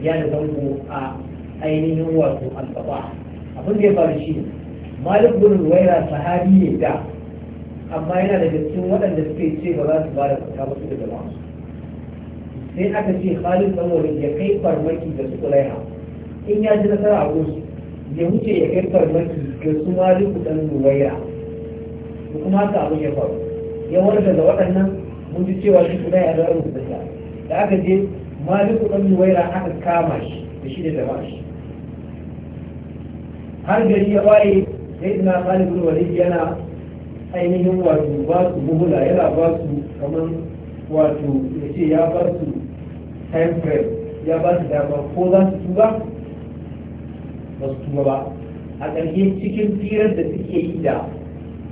ya da zango a ainihin wato alƙaba abin da ya faru shi ne malik bin ruwaira sahabi ne da amma yana da cikin waɗanda suke ce ba za su ba da zakka ba su da jama'a sai aka ce khalid dan walid ya kai farmaki da su kulaiha in ya ji nasara a gosu, ya wuce ya kai farmaki ga su maliku dan ruwaira kuma haka abin ya faru ya warda da waɗannan mun ji cewa shi kulaiha da rubuta da aka je maliku ɗan waira aka kama shi da shi da ba shi har gari ya waye sai ina maliku wani yana ainihin wato ba su buhula yana ba su kamar wato ya ce ya ba su time frame ya ba su dama ko za su tuba ba su tuba ba a ƙarshe cikin firar da suke yi da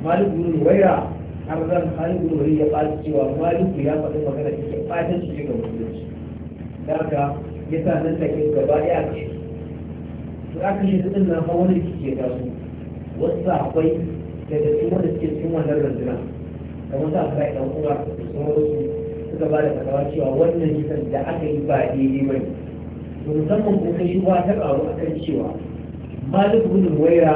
maliku nuwaira har zan hannun wuri ya ɓaci cewa maliki ya faɗi magana ke ɓatan shi ga musulunci da haka ya sa nan da ke gaba ya ce su aka shi su ɗinnan fa wani rikici ya taso wasu da da su wanda suke cikin wannan rundunar kamar sa kai ɗan kuma da su suka ba da fatawa cewa wannan gidan da aka yi ba daidai ba ne to musamman ko kai shi ba ta ƙaru a kan cewa malik bin waira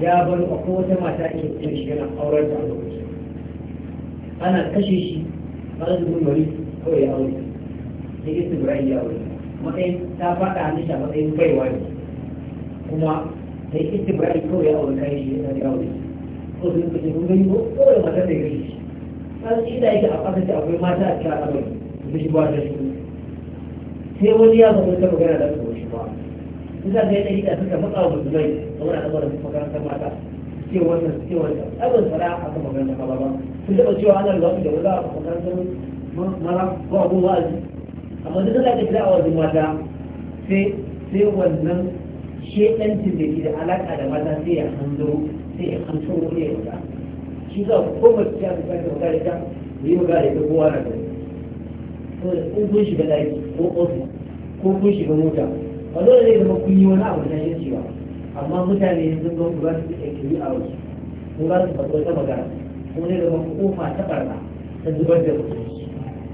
ya bar akwai wata mata ke cikin shi yana auren da a lokacin ana kashe shi farar da wani kawai ya aure ya yi tsibirai ya aure matsayin ta faɗa hannun shi a matsayin baiwa ne kuma ya yi tsibirai kawai ya aure kayan shi ya aure ko su nuka cikin gani ko kawai matar da ya kashe shi an shi da yake a ƙasashe akwai mata a cikin al'amari da shi ba da shi sai wani ya zama ta magana da su shi ba ina da yadda ita suka matsa wa musulmai kamar a ɗaukar makarantar mata cewa wannan cewa abin fara a kan magana da ba ba sun taɓa cewa ana riga da wula a makarantar mara ko abun wa'azi amma duk da ake a wajen mata sai sai wannan shedancin da ke da alaƙa da mata sai ya hanzo sai ya hanzo wani ya wuta shi za ku ko mace ta fita da magana ta ku yi magana ta kowa na gari ko kun shiga ɗaki ko ofis ko kun shiga mota ba dole zai zama kun yi wani abu na yin cewa amma mutane sun ba ku za su yi a wasu kun ba su faɗo ta magana kuma zai zama kofa ta barna ta zubar da ta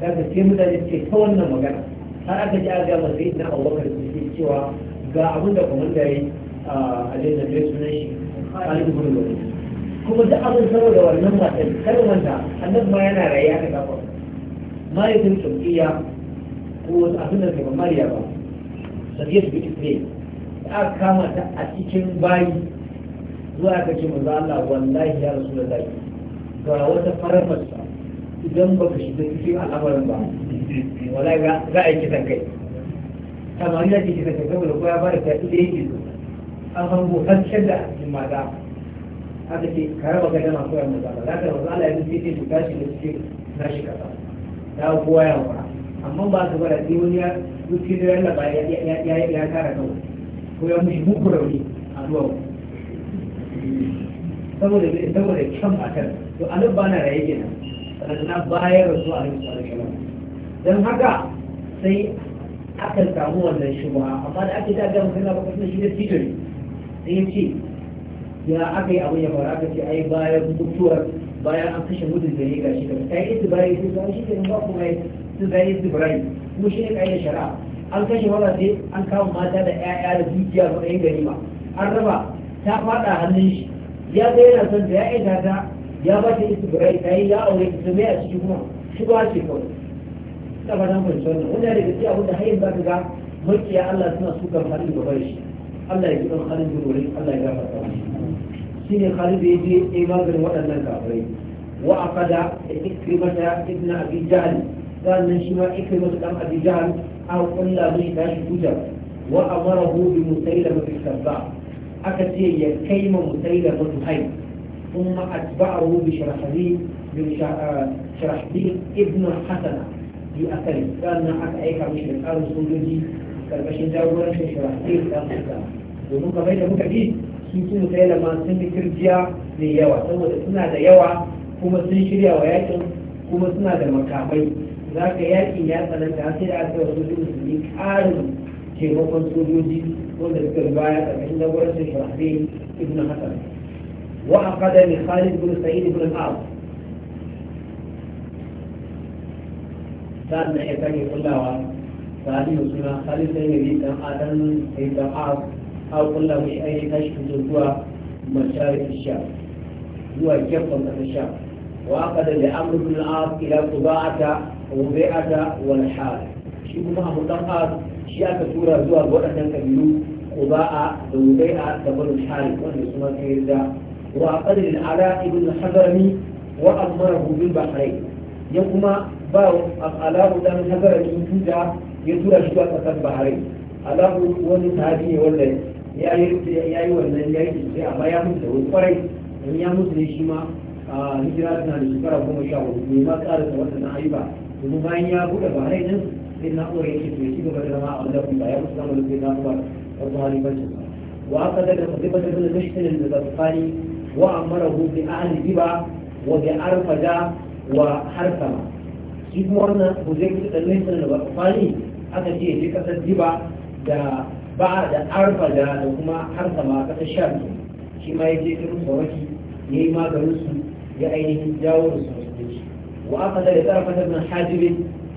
kaga sai mutane ce ta wannan magana har aka ji aga gama sai na abubakar da ke cewa ga abin da kuma da yi a jinda da sunan shi alibu gudu gudu kuma duk abin saboda wannan matan kar wanda annabi ma yana raye ta gafa ma yi zai tsokiya ko wasu abin da ke ba mariya ba sabiyar da bikin ne ta kama ta a cikin bayi zuwa ka ce za Allah wallahi ya rasu da zaki ga wata farar farafarsa idan ba ka shiga cikin al'amarin ba wala za a yi kisan kai kamar ya ce kisan kai saboda ko ya ba da tafi da yake so an san hasken da cikin mata haka ce ka raba kai da masu yamma ba za ka raba ala yanzu sai ce tashi da cikin na shi kasa ta kowa ya fara amma ba su bada sai wani ya wuce da yalla ba ya kara kawai ko ya mushi muku rauni a zuwa saboda me saboda kyan matar to nan ba na raye kenan sannan bayar da su annabi sallallahu alaihi wasallam dan haka sai akan samu wannan shubha amma da ake daga mutum na bakwasin shi ne tijiri sai ya ce ya aka yi abin ya fara aka ce ai bayan mutuwar bayan an kashe mutum da ne ga shi daga ta yi istibirai sai zuwa shi kenan ba kuma ya su zai istibirai kuma shi ne kayan shara. an kashe wala sai an kawo mata da 'ya'ya da dukiya gari ganima an raba ta faɗa hannun shi ya ga yana son da ya aika ta ya ba ta istibirai ta yi ya aure ta zama a cikin kuma shi ba ce kawai ta ba nan fahimci wannan wanda da gaskiya wanda hayin za ka ga makiya Allah suna sukan halin gaba shi Allah ya ji kan halin gurbin Allah ya gafarta shi ne Khalid ya je ya maganin waɗannan kafirai wa aqada ikrimata ibn abi jahl sannan shi ma ikrimata dan abi jahl a kulla mai tashi hujja wa amarahu bi musailama bil kazzab أكد هي كلمة متيلة بالبخير ثم أتبعه بشرحبين بشرحبين ابن الحسن في أثره قال نحك أيك عمش بالقار السودوجي قال باش نجاوب ورش شرحبين في أثره ونوك بين مكدين سنتو متيلة ما سنتي كرديا ليوا سوى تسنى هذا يوا كما سنشريا وياتم كما سنى هذا مكامي ذاك يأتي يا صلى الله عليه وسلم قال في موقع السجود وذلك الرواية عند ورد الشرحبين ابن حسن وعقد لخالد بن سعيد بن الأرض كان يقول كلها فهذه السنة خالد بن سعيد بن آدم سيد الأرض أو كلها إيه، في أي تشهد هو مشارك الشام هو جبل الشام وعقد لعمرو بن العاص إلى طباعة وبيعة والحارث shi kuma abu dan as shi aka tura zuwa ga waɗannan kabilu a da wudai'a da banu shari wanda suna kai da wa qadr al-ala ibn hadrami wa amarahu bil bahrain ya kuma ba al'alahu dan hadrami tuda ya tura shi zuwa kasar bahrain alahu wani tabi ne wanda ya yi wannan yaki sai amma ya mutu da wani kwarai in ya mutu ne shi ma a hijira tana da shekara goma sha hudu bai ma ƙarasa wannan ayyuka domin bayan ya buɗe bahrain din sai na umar yake to shi gaba da zama a wajen ba ya musu zama da sai na umar da buhari bacci wa aka da kuma zai bata da mashinin da zafani wa amara hu bi ahli riba wa bi arfaja wa harsama shi kuma wannan hujjai da mashinin da zafani aka ce ya je kasar riba da ba da arfaja da kuma harsama a kasar sham shi ma ya je irin sarwaki ya yi maganin su ya ainihin jawo da su wa aka da ya tsara fatar na hajibin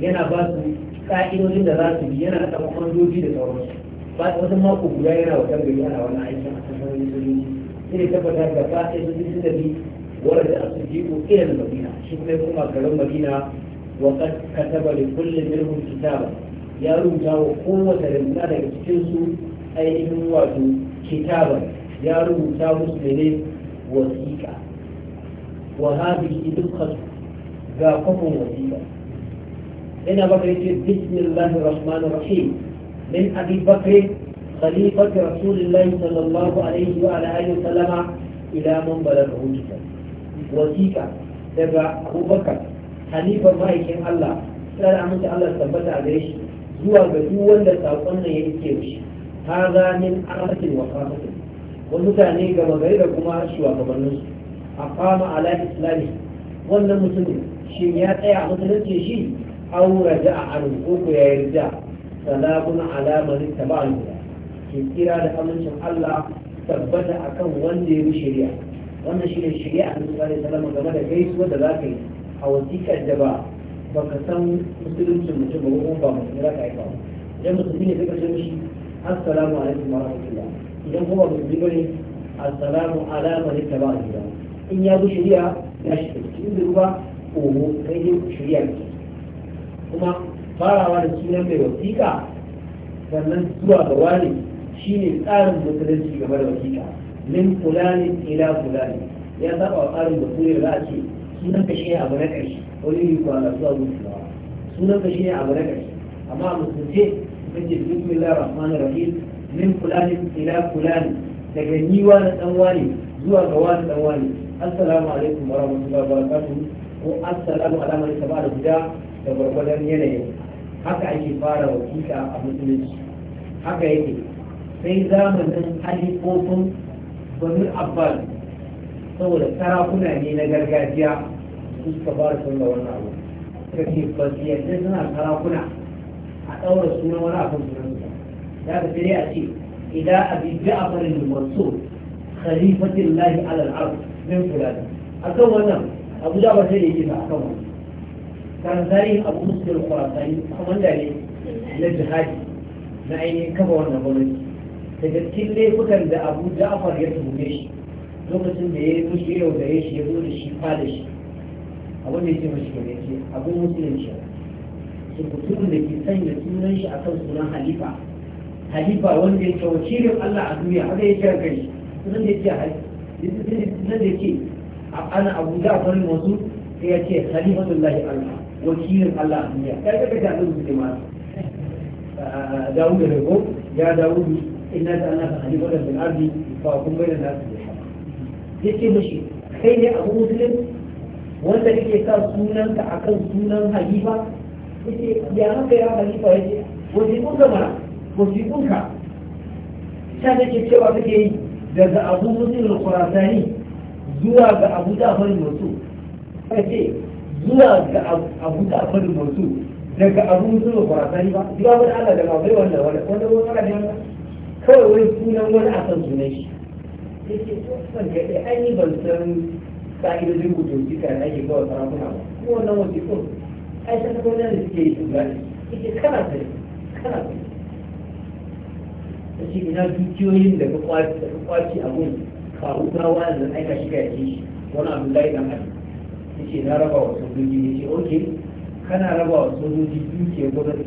yana ba su ka'idodin da za su bi yana da doji da sauransu ba ta wasu mako guda yana wa gari ana wani aikin a cikin wani sojoji sai da tabbatar da ba sai sojoji da bi wanda da su ji ko irin madina shi kuma kuma garin madina wa kataba da kulli minhum kitaba ya rubuta wa kowace rinna daga cikinsu ainihin wato kitaba ya rubuta musu ne wasiƙa wa hadhihi dukkan ga kwafin wasiƙa هنا بكر بسم الله الرحمن الرحيم من أبي بكر خليفة رسول الله صلى الله عليه وعلى آله وسلم إلى من بلغه الكتاب وثيقة تبع أبو بكر خليفة مايك يكن الله سأل عمد الله ثبت عليه زوا بدو ولا ساقنا يكيوش هذا من عرفة وخافة ومتعني كما غيركما شوى كمانوس أقام على إسلامه ولا مسلم شيء يا تيا مسلم أو رجع عن الوقوف يرجع سلام على من اتبع الهدى كثيرا لأمن شاء الله ثبت أكم وندي بشريعة وأن شريعة الشريعة صلى الله عليه وسلم كما لا كيس ودباكي أو تيك الجبا وكسم مسلم سنة جبه وقوم بامر جمع سبيل فكرة شمشي السلام عليكم ورحمة الله إذا هو بالذكر السلام على من اتبع الهدى إن يابو شريعة يشتك إن ذروبا وهو كيجب شريعة بشريعة kuma farawa da sunan mai wasiƙa sannan zuwa ga wani shine tsarin musulunci game da wasiƙa min kulani ila kulani ya saba wa tsarin da kuma za a ce sunan ka ne abu na ƙarshe wani yi kwana zuwa musulawa sunan ka ne abu na ƙarshe amma a musulunce sun ce bismillah rahman rahim min kulani ila kulani daga niwa na ɗan wani zuwa ga wani ɗan wani assalamu alaikum warahmatullahi wabarakatuh ko assalamu ala man da guda da gwargwadon yanayin haka ake fara wakita a musulunci haka yake sai zamanin halifofin banu abbas saboda sarakuna ne na gargajiya su suka fara canza wannan abu suka ce ba su yadda suna sarakuna a ɗaura sunan wani abin sunan su ya ka sai a ce idan abi ja'far al-mansur khalifatin lahi ala al-ard min fulan akan wannan abu jabar sai yake ta akan wannan tanzarin abu musulun kwarasani komanda ne na jihadi na ainihin kafa wannan gwamnati daga cikin laifukan da abu ja'afar ya tuhume shi lokacin da ya yi mushi yau da ya shi ya zo da shi fada shi abin da ya ce mashi ya ce abu musulun shi su kuturin da ke sanya sunan shi a kan sunan halifa halifa wanda ya ce wakilin allah a duniya haka ya kira kai sunan da ya ce halifa da ya ce ana abu ja'afar masu sai ya ce khalifatullahi Allah wakilin Allah a duniya kai kaka ta annabi Sulaiman ah, Dawud da Rago ya Dawud inna ta'ala khalifatan fil ardi fa kun bayyana ya ce mashi. kai ne abu muslim wanda kake sa sunanka akan sunan halifa yace ya haka ya halifa yace wasiƙunka mana wasiƙunka ta nake cewa kake yi daga abu musulun al-qurasani zuwa ga abu ja'far al-mansur ce zuwa ga abu da abin mutu daga abu zuwa barasani ba zuwa wani ala daga bai wanda wanda wanda wani ala da kawai wani sunan wani a san sunan shi yake tsoffan ga ɗaya an yi ban san ka'idodin gudoji kan ake ba wa sarakuna ba kuma wannan wani ko ai san kuma da suke yi su gani yake kana sai kana sai ta ce ina dukiyoyin da ka kwaci a gun kawo gawa da aika shiga ya ce shi wani abu lai dan adam yace na raba wa sojoji yace okay kana raba wa sojoji ke gwamnati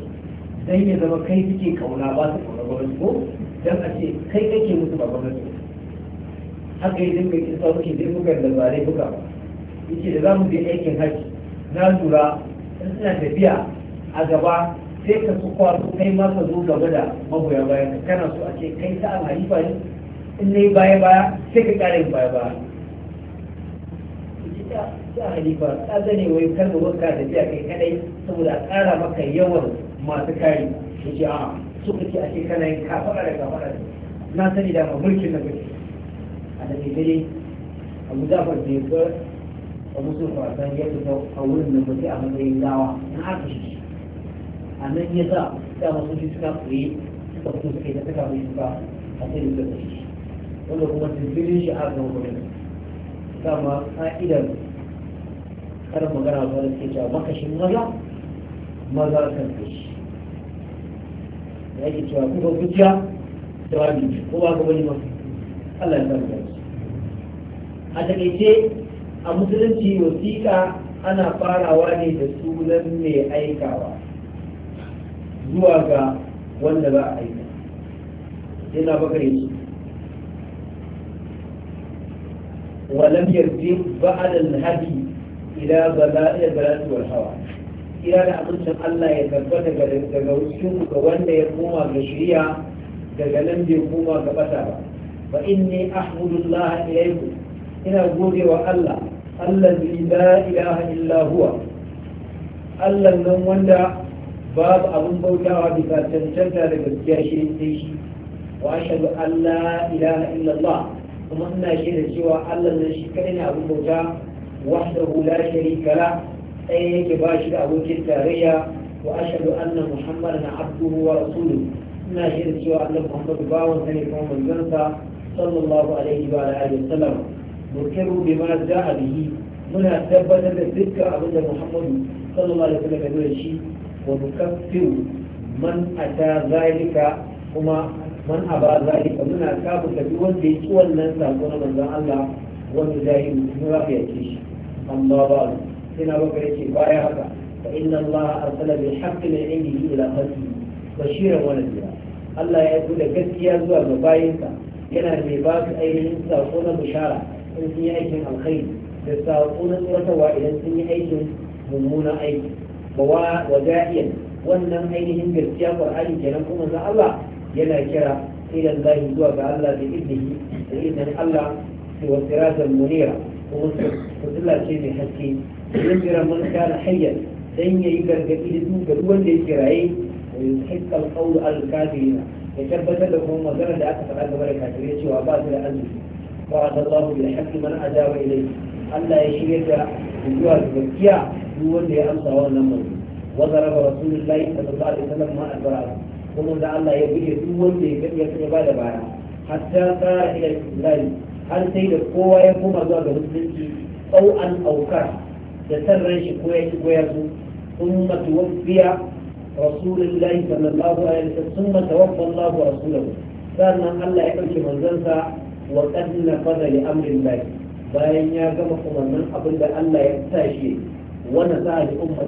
don ya zama kai suke kauna ba su kauna gwamnati ko don a ce kai kake musu ba gwamnati haka yi dinga kin sa suke dinga bugar da bare buga yace da za mu je aikin haji na lura in suna tafiya a gaba sai ka su su kai ma ka zo gaba da magoya bayan ka kana so a ce kai ta halifa ne in na yi baya baya sai ka kare baya baya ya halifa ka zane wai kar mu baka tafiya kai kadai saboda a ƙara maka yawan masu kari ya ce a suka ce a ce kana yin kafaɗa da kafaɗa na sani da mulkin na gudu a da ke gani a zafar da ya ga a sun fasan ya fita a wurin da mutu a matsayin gawa na haka shi a nan ya sa dama masu shi suka tsaye suka fito suka yi ta saka mai suka a sai da suka shi wanda kuma tsibirin shi a kan kuma dama ka'idar karin magana ba da suke cewa makashin maza maza kan kashi da yake cewa kuma gujiya da wani ko ba ga wani ba Allah ya da mu a takaice a musulunci wasiƙa ana farawa ne da sunan mai aikawa zuwa ga wanda za a aika yana bakare su ولم يرجع بعد الهدي ila bala'il bala'il wal hawa ila da amincin Allah ya tabbata daga cikin ga wanda ya koma ga shari'a daga nan bai koma ga bata ba fa inni ahmudullah ilayku ina gode wa Allah allazi la ilaha illa huwa Allah nan wanda babu abun bautawa bisa cancanta da gaskiya shi sai shi wa ashhadu an la ilaha illa Allah kuma ina shaida cewa Allah nan shi kadai ne abin bauta وحده لا شريك له أي كباشر أبو كتارية وأشهد أن محمدا عبده ورسوله إنا شهد سوى أن محمد باون سنة قوم الجنسة صلى الله عليه وعلى آله وسلم نذكر بما جاء به من ثبت الذكر أبو محمد صلى الله عليه وسلم يقول الشيء ونكفر من أتى ذلك وما من أبى ذلك من ثابت بوجه سوى الناس أقول من الله ومجاهد من رافع الشيء أما بعد سنا بكريتي بايا هكا فإن الله أرسل بالحق من عنده إلى خلقه بشيرا ونذيرا الله يقول gaskiya zuwa ga bayinsa yana mai ba su ainihin saƙo na bishara in sun yi aikin alkhairi da saƙo na tsoratarwa idan sun yi aikin mummunan aiki wa da'iyan wannan ainihin gaskiya qur'ani kenan kuma za Allah yana kira ilan zahi zuwa ga Allah da izini da izinin Allah da wasiratul munira fitila ce mai haske zai jira man kana hayyar dan yayi gargadi da duk duk wanda yake raye yuhiqqal qawlu al kafirin ya tabbatar da kuma magana da aka faɗa game da kafirai cewa ba su da arziki ba da Allah bil haqqi man ajaba ilayhi Allah ya shirya da zuwa gaskiya duk wanda ya amsa wannan manzo wa zaraba rasulullahi sallallahu alaihi wasallam ma albara kuma da Allah ya buge duk wanda ya ya ba da baya hatta tsara ila al har sai da kowa ya koma zuwa ga musulunci au an aukar da san ran shi ko ya ci ko ya su sun matuwafiya rasulullahi sallallahu alaihi sallam sun mata Allah wa rasulahu sannan Allah ya ɗauki manzansa wa qad nafada li amrin lahi bayan ya gama umarnin abin da Allah ya sa shi wanda za a ji ummar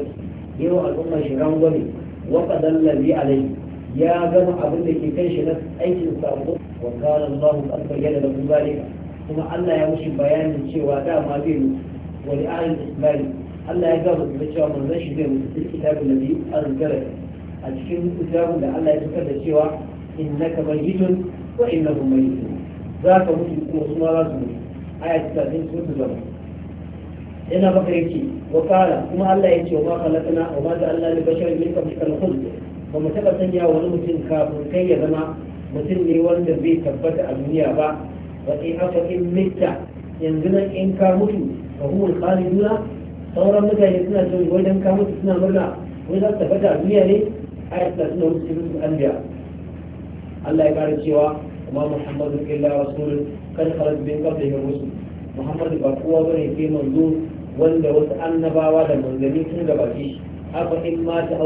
yau al'ummar shi rangwame wa qad a alaihi ya gama abin da ke kai shi na aikin sabo wa kana Allah qad bayyana lakum zalika kuma Allah ya mushi bayanin cewa dama zai mutu wani ayin islami Allah ya gaba da cewa manzon shi zai mutu duk kitabin da a arzara a cikin kitabun da Allah ya fitar da cewa innaka mayyitun wa innahum mayyitun za ka mutu kuma su ma za su mutu aya ta tsarin su zama yana baka yake wa kala kuma Allah ya ce wa ma khalaqna wa ma ja'alna li basharin min qablikal khuld ba mu taɓa sanya wani mutum kafin kai ya zama mutum ne wanda bai tabbata a duniya ba wa in aka in mitta yanzu nan in ka mutu fa huwa khaliduna sauran mutane suna jin wai dan ka mutu suna murna wai za su tabbata a duniya ne ayat da suna mutu cikin anbiya Allah ya kara cewa kuma Muhammadu illa rasul kan khalat bin qablihi rusul Muhammadu ba kowa bane ke manzo wanda wasu annabawa da manzanni sun gabace shi haka in mata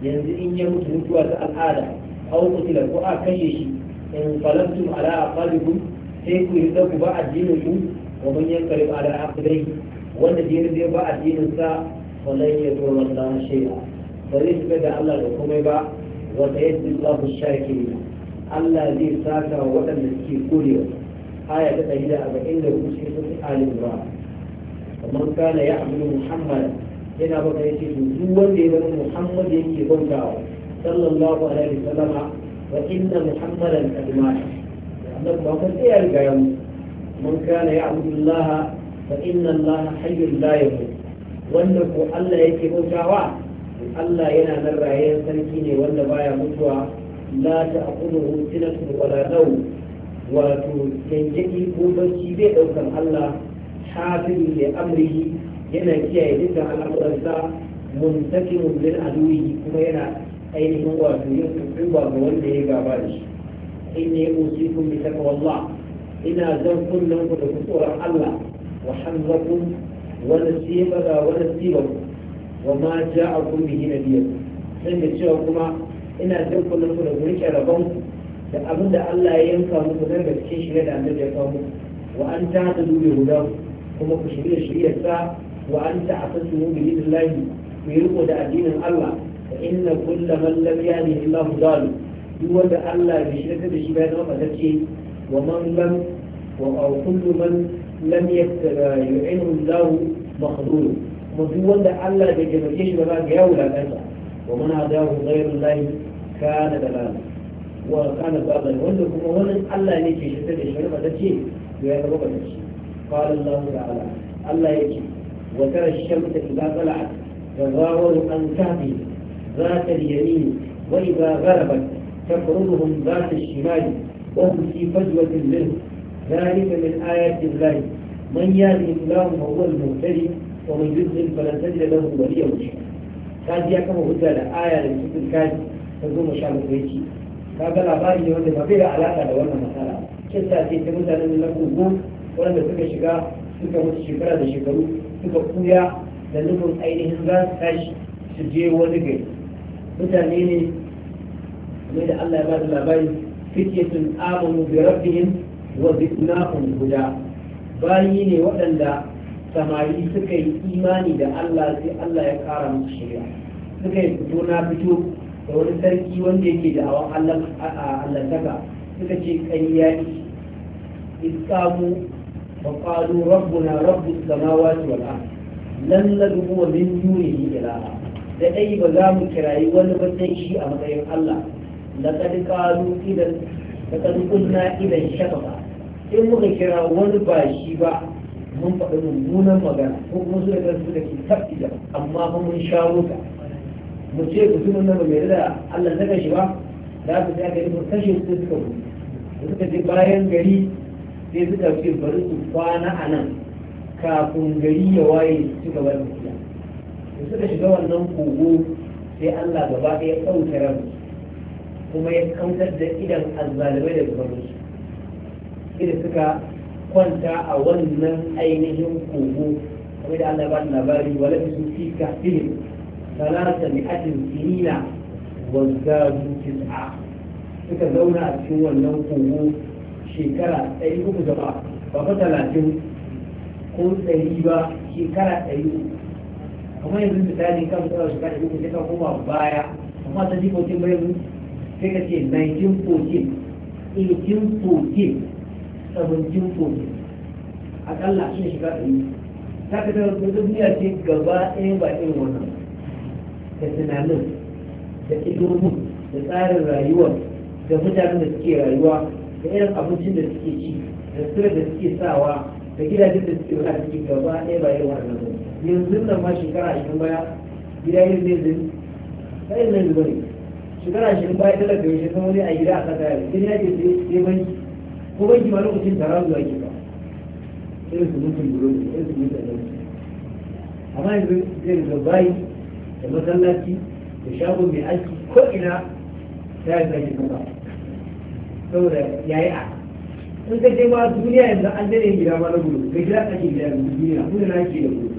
ya mutu mutuwa ta al'ada au kutila ko shi in falantum ala sai ku yi ku ba addinin ku wa man yankari ala aqdai wanda dinin zai ba addinin sa wallahi ya tura Allah shay'a ba zai shiga da Allah da komai ba wa sayyidu Allahu shakirin Allah zai saka waɗanda suke kurewa aya ta ɗari da arba'in da hudu sai sun alim ba kamar kana ya abu Muhammad yana baka ya ce duk wanda ya zama Muhammad yake bautawa sallallahu alaihi wasallama wa inna Muhammadan qad mata من كان يعبد الله فإن الله حي لا يموت وأنه ألا يكبو شعوى ألا ينا نرى ينسلكيني وأن بايا مجوى لا تأخذه سنة ولا نوم وتنجدي كوبتي بيئو كم حافظ لأمره ينا كيه لسا على أمرسا منتكم للعدوه كما ينا أين هو في يوم القوة وأنه يقابلش إني أوصيكم بتقوى الله إن أزلتم لكم الكفور الله وحمدكم ونسيم ونسيمكم وما جاءكم به نبيكم سنة شوكما إن أزلتم لكم الملك ربكم لأبد ألا ينفع مكتبين بسكيش غير أن نبيكم وأن تعتدوا بهداه كما كشبير شبير الساعة وأن تعتدوا بإذن الله ويرقوا دين الله فإن كل من لم يعنيه الله ظالم duk wanda Allah bai shirka da shi ba zama matacce wa man lam wa kullu man lam yattaba yu'inu Allah makhdhur kuma duk wanda Allah bai taimake shi ba za ga yawo lakansa wa man hadahu ghayru Allah kana dalala wa kana dalala wanda kuma wannan Allah ne ke shirka da shi ba matacce ya zama matacce qala Allah ta'ala Allah yake wa tara ash-shamsa idha tala'at تظاهر عن كهفه ذات اليمين وإذا غربت تقرضهم ذات الشمال وهم في فجوة منه ذلك من آيات الله من يهده الله فهو المهتدي ومن يضلل فلن تجد له وليا مرشدا kaji ya kama hujja da aya da cikin kaji ta goma sha bakwai yake kaga labari ne wanda ba bai da alaka da wannan matsala kissa ce ta mutanen na kogo wanda suka shiga suka mutu shekara da shekaru suka kuya da nufin ainihin za su tashi su je wani gari mutane ne ne da Allah ya ba da labari fityatun amanu bi rabbihim wa zidnahum huda bayi ne waɗanda samari suka yi imani da Allah sai Allah ya kara musu shari'a suka yi fito na fito da wani sarki wanda yake da awon Allah saka suka ce ƙarya ne iskamu فقالوا ربنا رب السماوات والأرض لن ندعو من دونه إلها da ɗai ba za mu kirayi wani ba sai shi a matsayin Allah لقد قالوا إذا In muka إذا wani ba مغيرا ba, mun faɗi mummunan magana ko kuma su da kansu da ke tafi da amma fa mun shawo ta mu ce mutumin nan bai da Allah saka shi ba da aka ta gari mun kashe su suka gudu da suka je bayan gari sai suka ce bari su kwana a kafin gari ya waye su gaba da mutiya da shiga wannan kogo sai Allah gaba ɗaya ɗauke ransu kuma ya kautar da idan azzalimai da gwamnati ida suka kwanta a wannan ainihin kogo kuma da Allah ba da labari wala su fi kafin salata mi ajin sinina wa zaru suka zauna a cikin wannan kogo shekara ɗari uku da ba ba fa talatin ko ɗari ba shekara ɗari uku kamar yanzu misali kan tsara shekara ɗari uku sai ka koma baya amma ta jikokin bayan sai ka ce 1914 1814 1714 akalla shi ne shiga ɗari ta ka tara kuma duniya ce gaba ɗaya ba irin wannan da tunanin da ilimin da tsarin rayuwar da mutanen da suke rayuwa da irin abincin da suke ci da sura da suke sawa da gidajen da suke wata suke gaba ɗaya ba irin wannan yanzu nan ma shekara ashirin baya gida yin zai zai ba irin nan zuwa ne shekara ba baya da yaushe sun wani a gida a kasa yau sai ya ke sai banki ko banki ma lokacin tara zuwa ke ba irin su mutum duro ne irin su mutum yau amma yanzu zai ga bayi da masallaci da shago mai aiki ko ina ta yi zaki kuma saboda ya yi a in kai je ma duniya yanzu an dare gida ma na gudu ga gida ake gida yanzu duniya kuma da na ke da gudu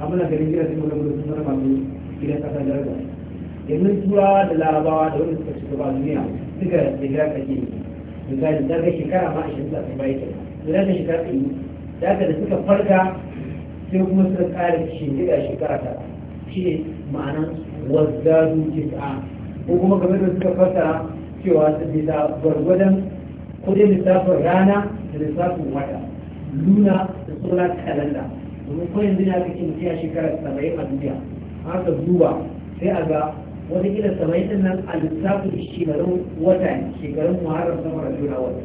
amma na ganin gida sun gudu sun zama masu gidan ƙasa daraja domin turawa da larabawa da wanda suka ba duniya suka shiga kake misali da ga shekara ma a da ta bai kai da shekara ɗari da ga da suka farka sai kuma suka shi shekara shekara ta shi ne ma'anan wazzadu tis'a ko kuma game da suka fasa cewa su bisa gwargwadon kudin lissafin rana da lissafin wata luna da solar kalanda domin kwayan yanzu ne aka ce mutum shekara saba'in a duniya haka zuwa sai a ga wani kila saba'in din nan a lissafin shekarun wata shekarun muharram sama da juna wata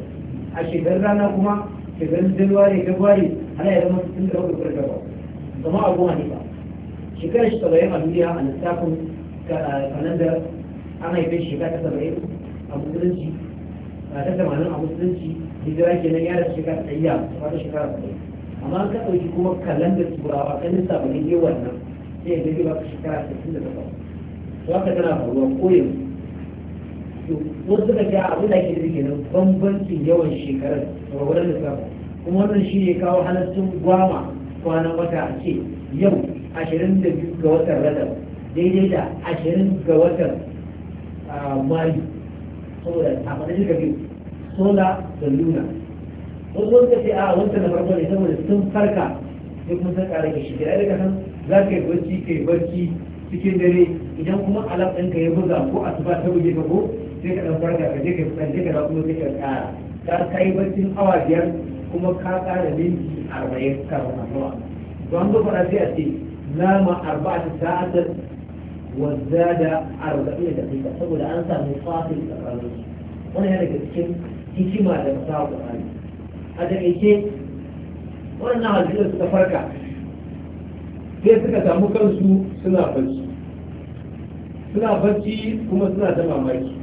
a shekarun rana kuma shekarun januwari februari ana yi zama sun da wakil kurka ba zama abu wani ba shekarar shi saba'in a duniya a lissafin kalandar ana haifin shekara ta saba'in a musulunci ta tamanin a musulunci hijira kenan ya da shekara ta iya wata shekara saba'in amma an ka ɗauki kuma kalandar turawa kan lissafin ne wannan sai ya zai ba shekara 68 haka tana faruwa koyaushe wasu suka ce abin da ake nufi kenan bambancin yawan shekarar gwargwaron lissafi kuma wannan shi ne kawo halittun gwama kwanan wata a ce yau ashirin da biyu ga watan radar daidai da ashirin ga watan mayu saboda a faɗin ka biyu sola da luna wasu wasu ka ce a wancan na farko ne saboda sun farka sai kuma sun ƙara ke shi da ya daga san za ka yi barci ka yi barci cikin dare idan kuma alam ɗinka ya buga ko asuba ta buge ka ko sai ka ɗan farka ka je ka fitan sai ka da kuma sai ka ƙara ka kai baccin awa biyar kuma ka ƙara minti arba'in kafin asuba don ga fara sai a ce nama arba'atu sa'atar wazada arba'in da fita saboda an samu fasil tsakanin su wani yana daga cikin hikima da fasaha ƙwari a taƙaice wannan halittar suka farka sai suka samu kansu suna bacci suna barci kuma suna ta mamaki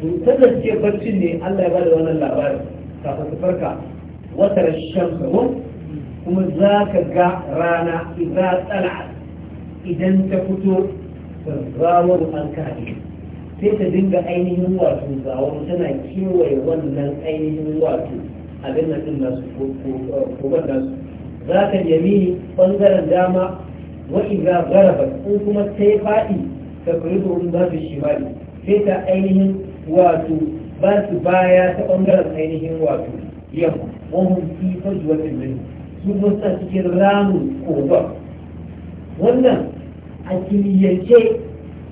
to da suke barci ne Allah ya bada wannan labarin kafin su farka wata shan ko kuma za ka ga rana idan tsala idan ta fito zawar an kaɗe sai ta dinga ainihin wato zawar tana kewaye wannan ainihin wato abin nan din nasu ko ban nasu za ka yamini bangaren dama wa iza garabat in kuma sai faɗi تفريطهم ذات الشمال فتا أينهم واتوا بس بايا تأمر أينهم واتوا يهم وهم في فجوة منه سوف تذكر رام القوبة ولا أكل يجي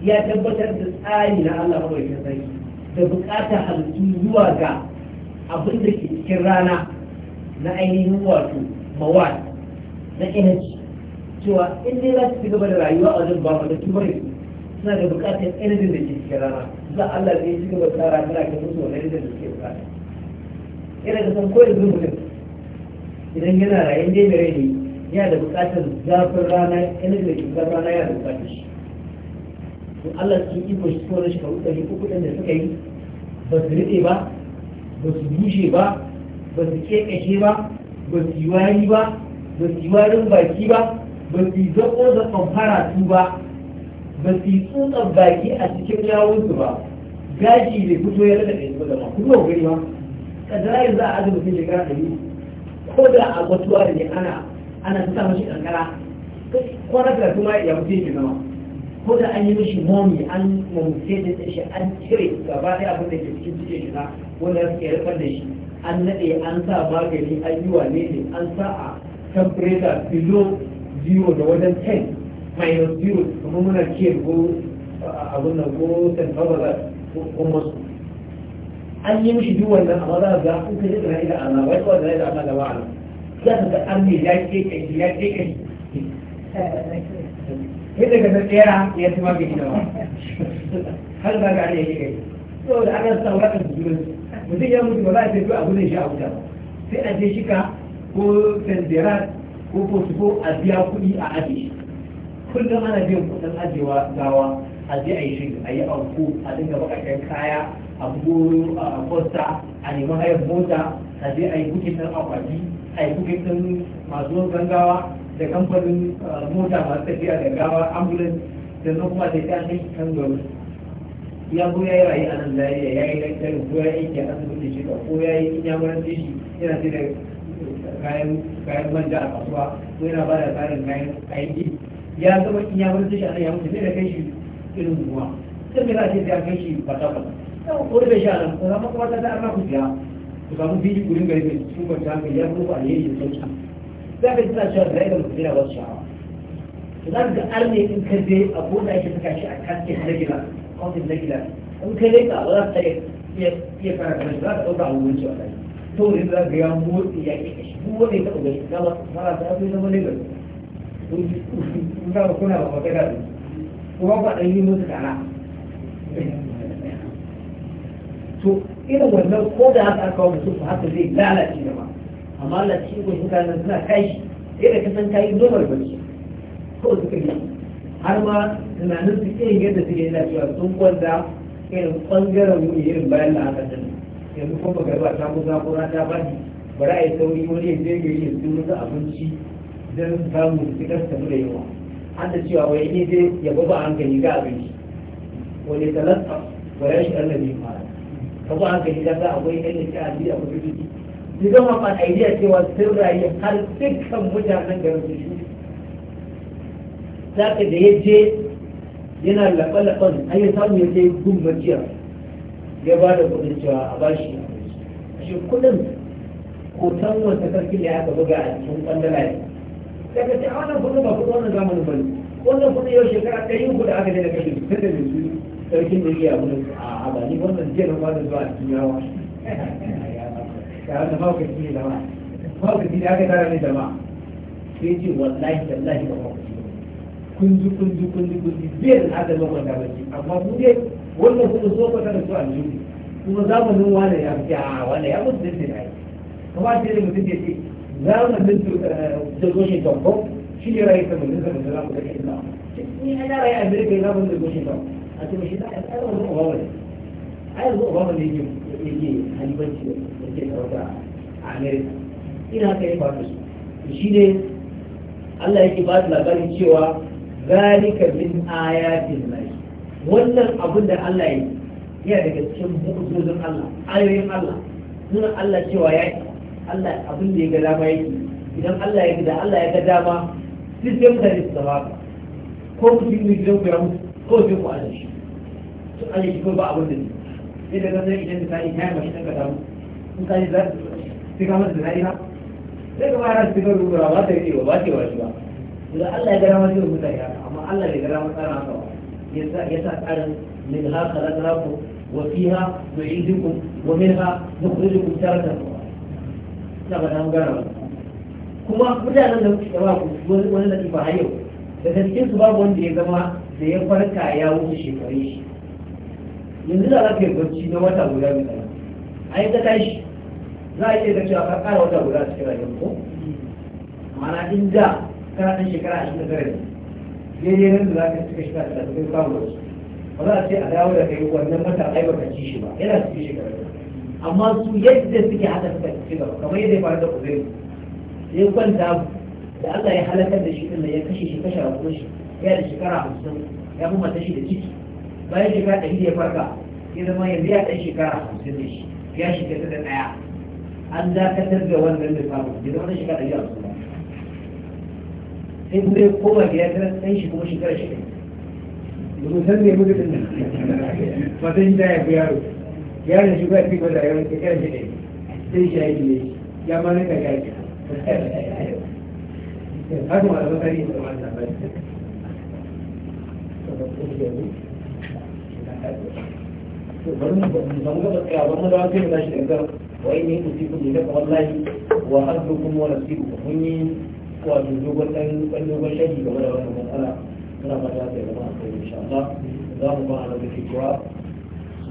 يا تبتر تسألنا الله هو يسألني تبقات حل تزوى جا أبندك كرانا na ainihin wato mawat na inaci cewa in dai za su ci gaba da rayuwa a wajen ba wanda tubarai suna da bukatar energy da ke cikin rana za Allah zai ci gaba tsara suna ga musu wani da suke bukata yana da san kowai zuwa mutum idan yana rayu dai da rai ya da bukatar zafin rana energy da ke cikin rana ya da bukatar shi to Allah su iko shi ko shi kawo ɗari uku ɗin da suka yi ba su riɗe ba ba su bushe ba ba su ƙeƙashe ba ba su yi wari ba ba su yi warin baki ba ba su yi zaɓo da fara su ba ba su yi tsotsar baki a cikin yawon su ba gashi bai fito ya rada ɗaya ba zama kuma gari ba kadara yanzu a azumi mutum shekara ɗari ko da a gwatuwa da ne ana ana shi mashi ko na da kuma ya mutum shi zama ko da an yi mishi momi an mamuse da shi an cire gaba ɗaya abin da ke cikin cikin shi na wanda ya ke rufar da shi an naɗe an sa magani an yi wane ne an sa a temperature below zero da wajen 10 فيرديو ومنا كير هو أظن هو تنفضل ومص أن يمشي دوا أن أمرها ذاك ممكن يقرا إلى أنا ويقرا إلى أنا لا أعلم لكن تأمني لا تيك لا تيك هذا كذا كيرا يسمع كذا هل بقى عليه هيك تو انا استغربت الجلوس ودي يوم دي والله تبقى اقول ايش اقول في اديشكا كو سنديرات كو بوسكو ابيا كو دي اديشكا kullum ana biyan kudin ajewa gawa a je a yi shi a yi auku a dinga bakakken kaya a buru a kosta a neman hayar mota a je a yi bukitan akwati a yi bukitan masu gangawa da kamfanin mota masu tafiya da gawa ambulance da zan kuma da ta shi kan gwamnati ya ko yi rayu a nan da ya yi lantarki ko ya yi ke asibiti shi ko ya yi in ya muranci shi yana ce da kayan manja a kasuwa ko yana ba da tsarin kayan aiki ya zama in ya wani a ya mutu da kai shi irin ruwa sai za a ce ya kai shi fata fata yau ko da bai sha nan ko zama kuma ta ta ku siya ku samu biji gurin gari mai cikin kwanci hankali ya kuma ba yayi da sauki za ka ji na cewa da ya mutu yana wasu sha'awa za ka ga arne in ka a boda yake saka shi a kaskin na gida kwamfin na gida in ka leka ba za ta iya fara kamar za ka ɗauka abubuwan cewa ta yi za ka ga ya motsi ya wanda ya taɓa gani ba ta ta kun ga kuna ba magana kuma ba ɗan a musu kara to irin wannan ko da haka aka wani sufu haka zai lalace da ba amma Allah ci ko shi kana suna kai sai da kasan kai normal bacci ko suka yi har ma tunanin su irin yadda suke yana cewa sun kwanta irin bangaren wuri irin bayan la'akar da yanzu kuma garba ta kusa ko ta bani bari a yi sauri wani ya je ya yi su abinci don samun fitar mu da yawa an da cewa wai ne zai gaba ba gani ga abinci wani talata wa ya shigar da bai fara ka ba hankali ga a akwai yadda ke a biya akwai fiti ni zama ba a idiya cewa sun rayu har dukkan mutanen garin su shi za ka da ya je yana laɓa-laɓan an yi samu ya kai gun majiya ya ba da kuɗin cewa a bashi shi kuɗin hoton wata karfi da aka buga a cikin kwandala ne daga ce wannan kudin ba kudin wannan zamanin bane wannan kudin yau shekara ɗari uku da aka daina kashe tun da yanzu sarkin da iya abin a ba ni wannan jiya na kwanan zuwa a cikin yawa ya wannan mawakaci ne zama mawakaci ne aka tara ne zama sai ce wallahi wallahi ba mawakaci kunji kunji kunji kunji biyar da aka zama da bace amma mu dai wannan kudin so kwata da su a jini kuma zamanin wani ya fi a wani ya mutu da ne na yi kuma sai da mutum da ce Realno mislim zadovoljni dobro, čini rajka mu nisam da nam rekli da. Ni ana raja bi rekli da nam zadovoljni dobro. A to mi se da je to zbog ovoga. Ai zbog ovoga ne ju je halibanci da ke kauta Amerika. Ina kai ba su. Shi ne Allah yake ba su labarin cewa zalika min ayatin lahi. Wannan abin da Allah ya yi yana daga cikin mu'ujizin Allah, ayoyin Allah, nuna Allah cewa ya Allah abin da ya ga dama yake idan Allah ya ga Allah ya ga dama sai sai mutane su zama ko mutum ne gidan ku ya mutu ko sai ku aje shi to aje shi ko ba abin da ne sai da ganin idan ka yi kai mashi ka damu in ka yi zai sai ka masa zai ha sai ka bayar da cikin rubuwa ba ta yi ba ta yi wa shi ba idan Allah ya ga dama sai mutane amma Allah ya ga dama tsara haka ba يسعى عن منها خلقناكم وفيها نعيدكم ومنها نخرجكم تارة أخرى na ba dan gara kuma mutanen da kuke yawa wani wani da ba yau daga cikin su babu wanda ya zama da ya farka ya wuce shekaru shi yanzu da za ka yi barci na wata guda a yi zaka tashi za a iya ga cewa ka kara wata guda cikin rayuwar ko ma'ana in da kana ɗan shekara ashirin da tara ne daidai nan da za ka cika shekara da kai kawo ba za a ce a dawo da kai wannan mata ai ci shi ba yana cikin shekara amma su yadda suke hada suka ci gaba kamar yadda ya faru da uzairu ya kwanta da Allah ya halakar da shi din ya kashe shi kashe rakon shi ya da shekara hamsin ya kuma tashi da ciki bayan shekara ɗari da ya farka ya zama yanzu ya ɗan shekara hamsin da shi ya shiga ta ɗaya an dakatar da wannan da samu ya zama na shekara ɗari da hamsin sai kuma ya koma gida ta ɗan shi kuma shekara shekara. Mutum san ne mutum ɗin nan. Matan shi ta haifi yaro. yaron shi ba fi gwada a yawan tafiya shi ne sai shi aiki ne ya ya ki haka da makari da ma da ba bari mu samu gaba tsaya ba ne musikum ne daga wallahi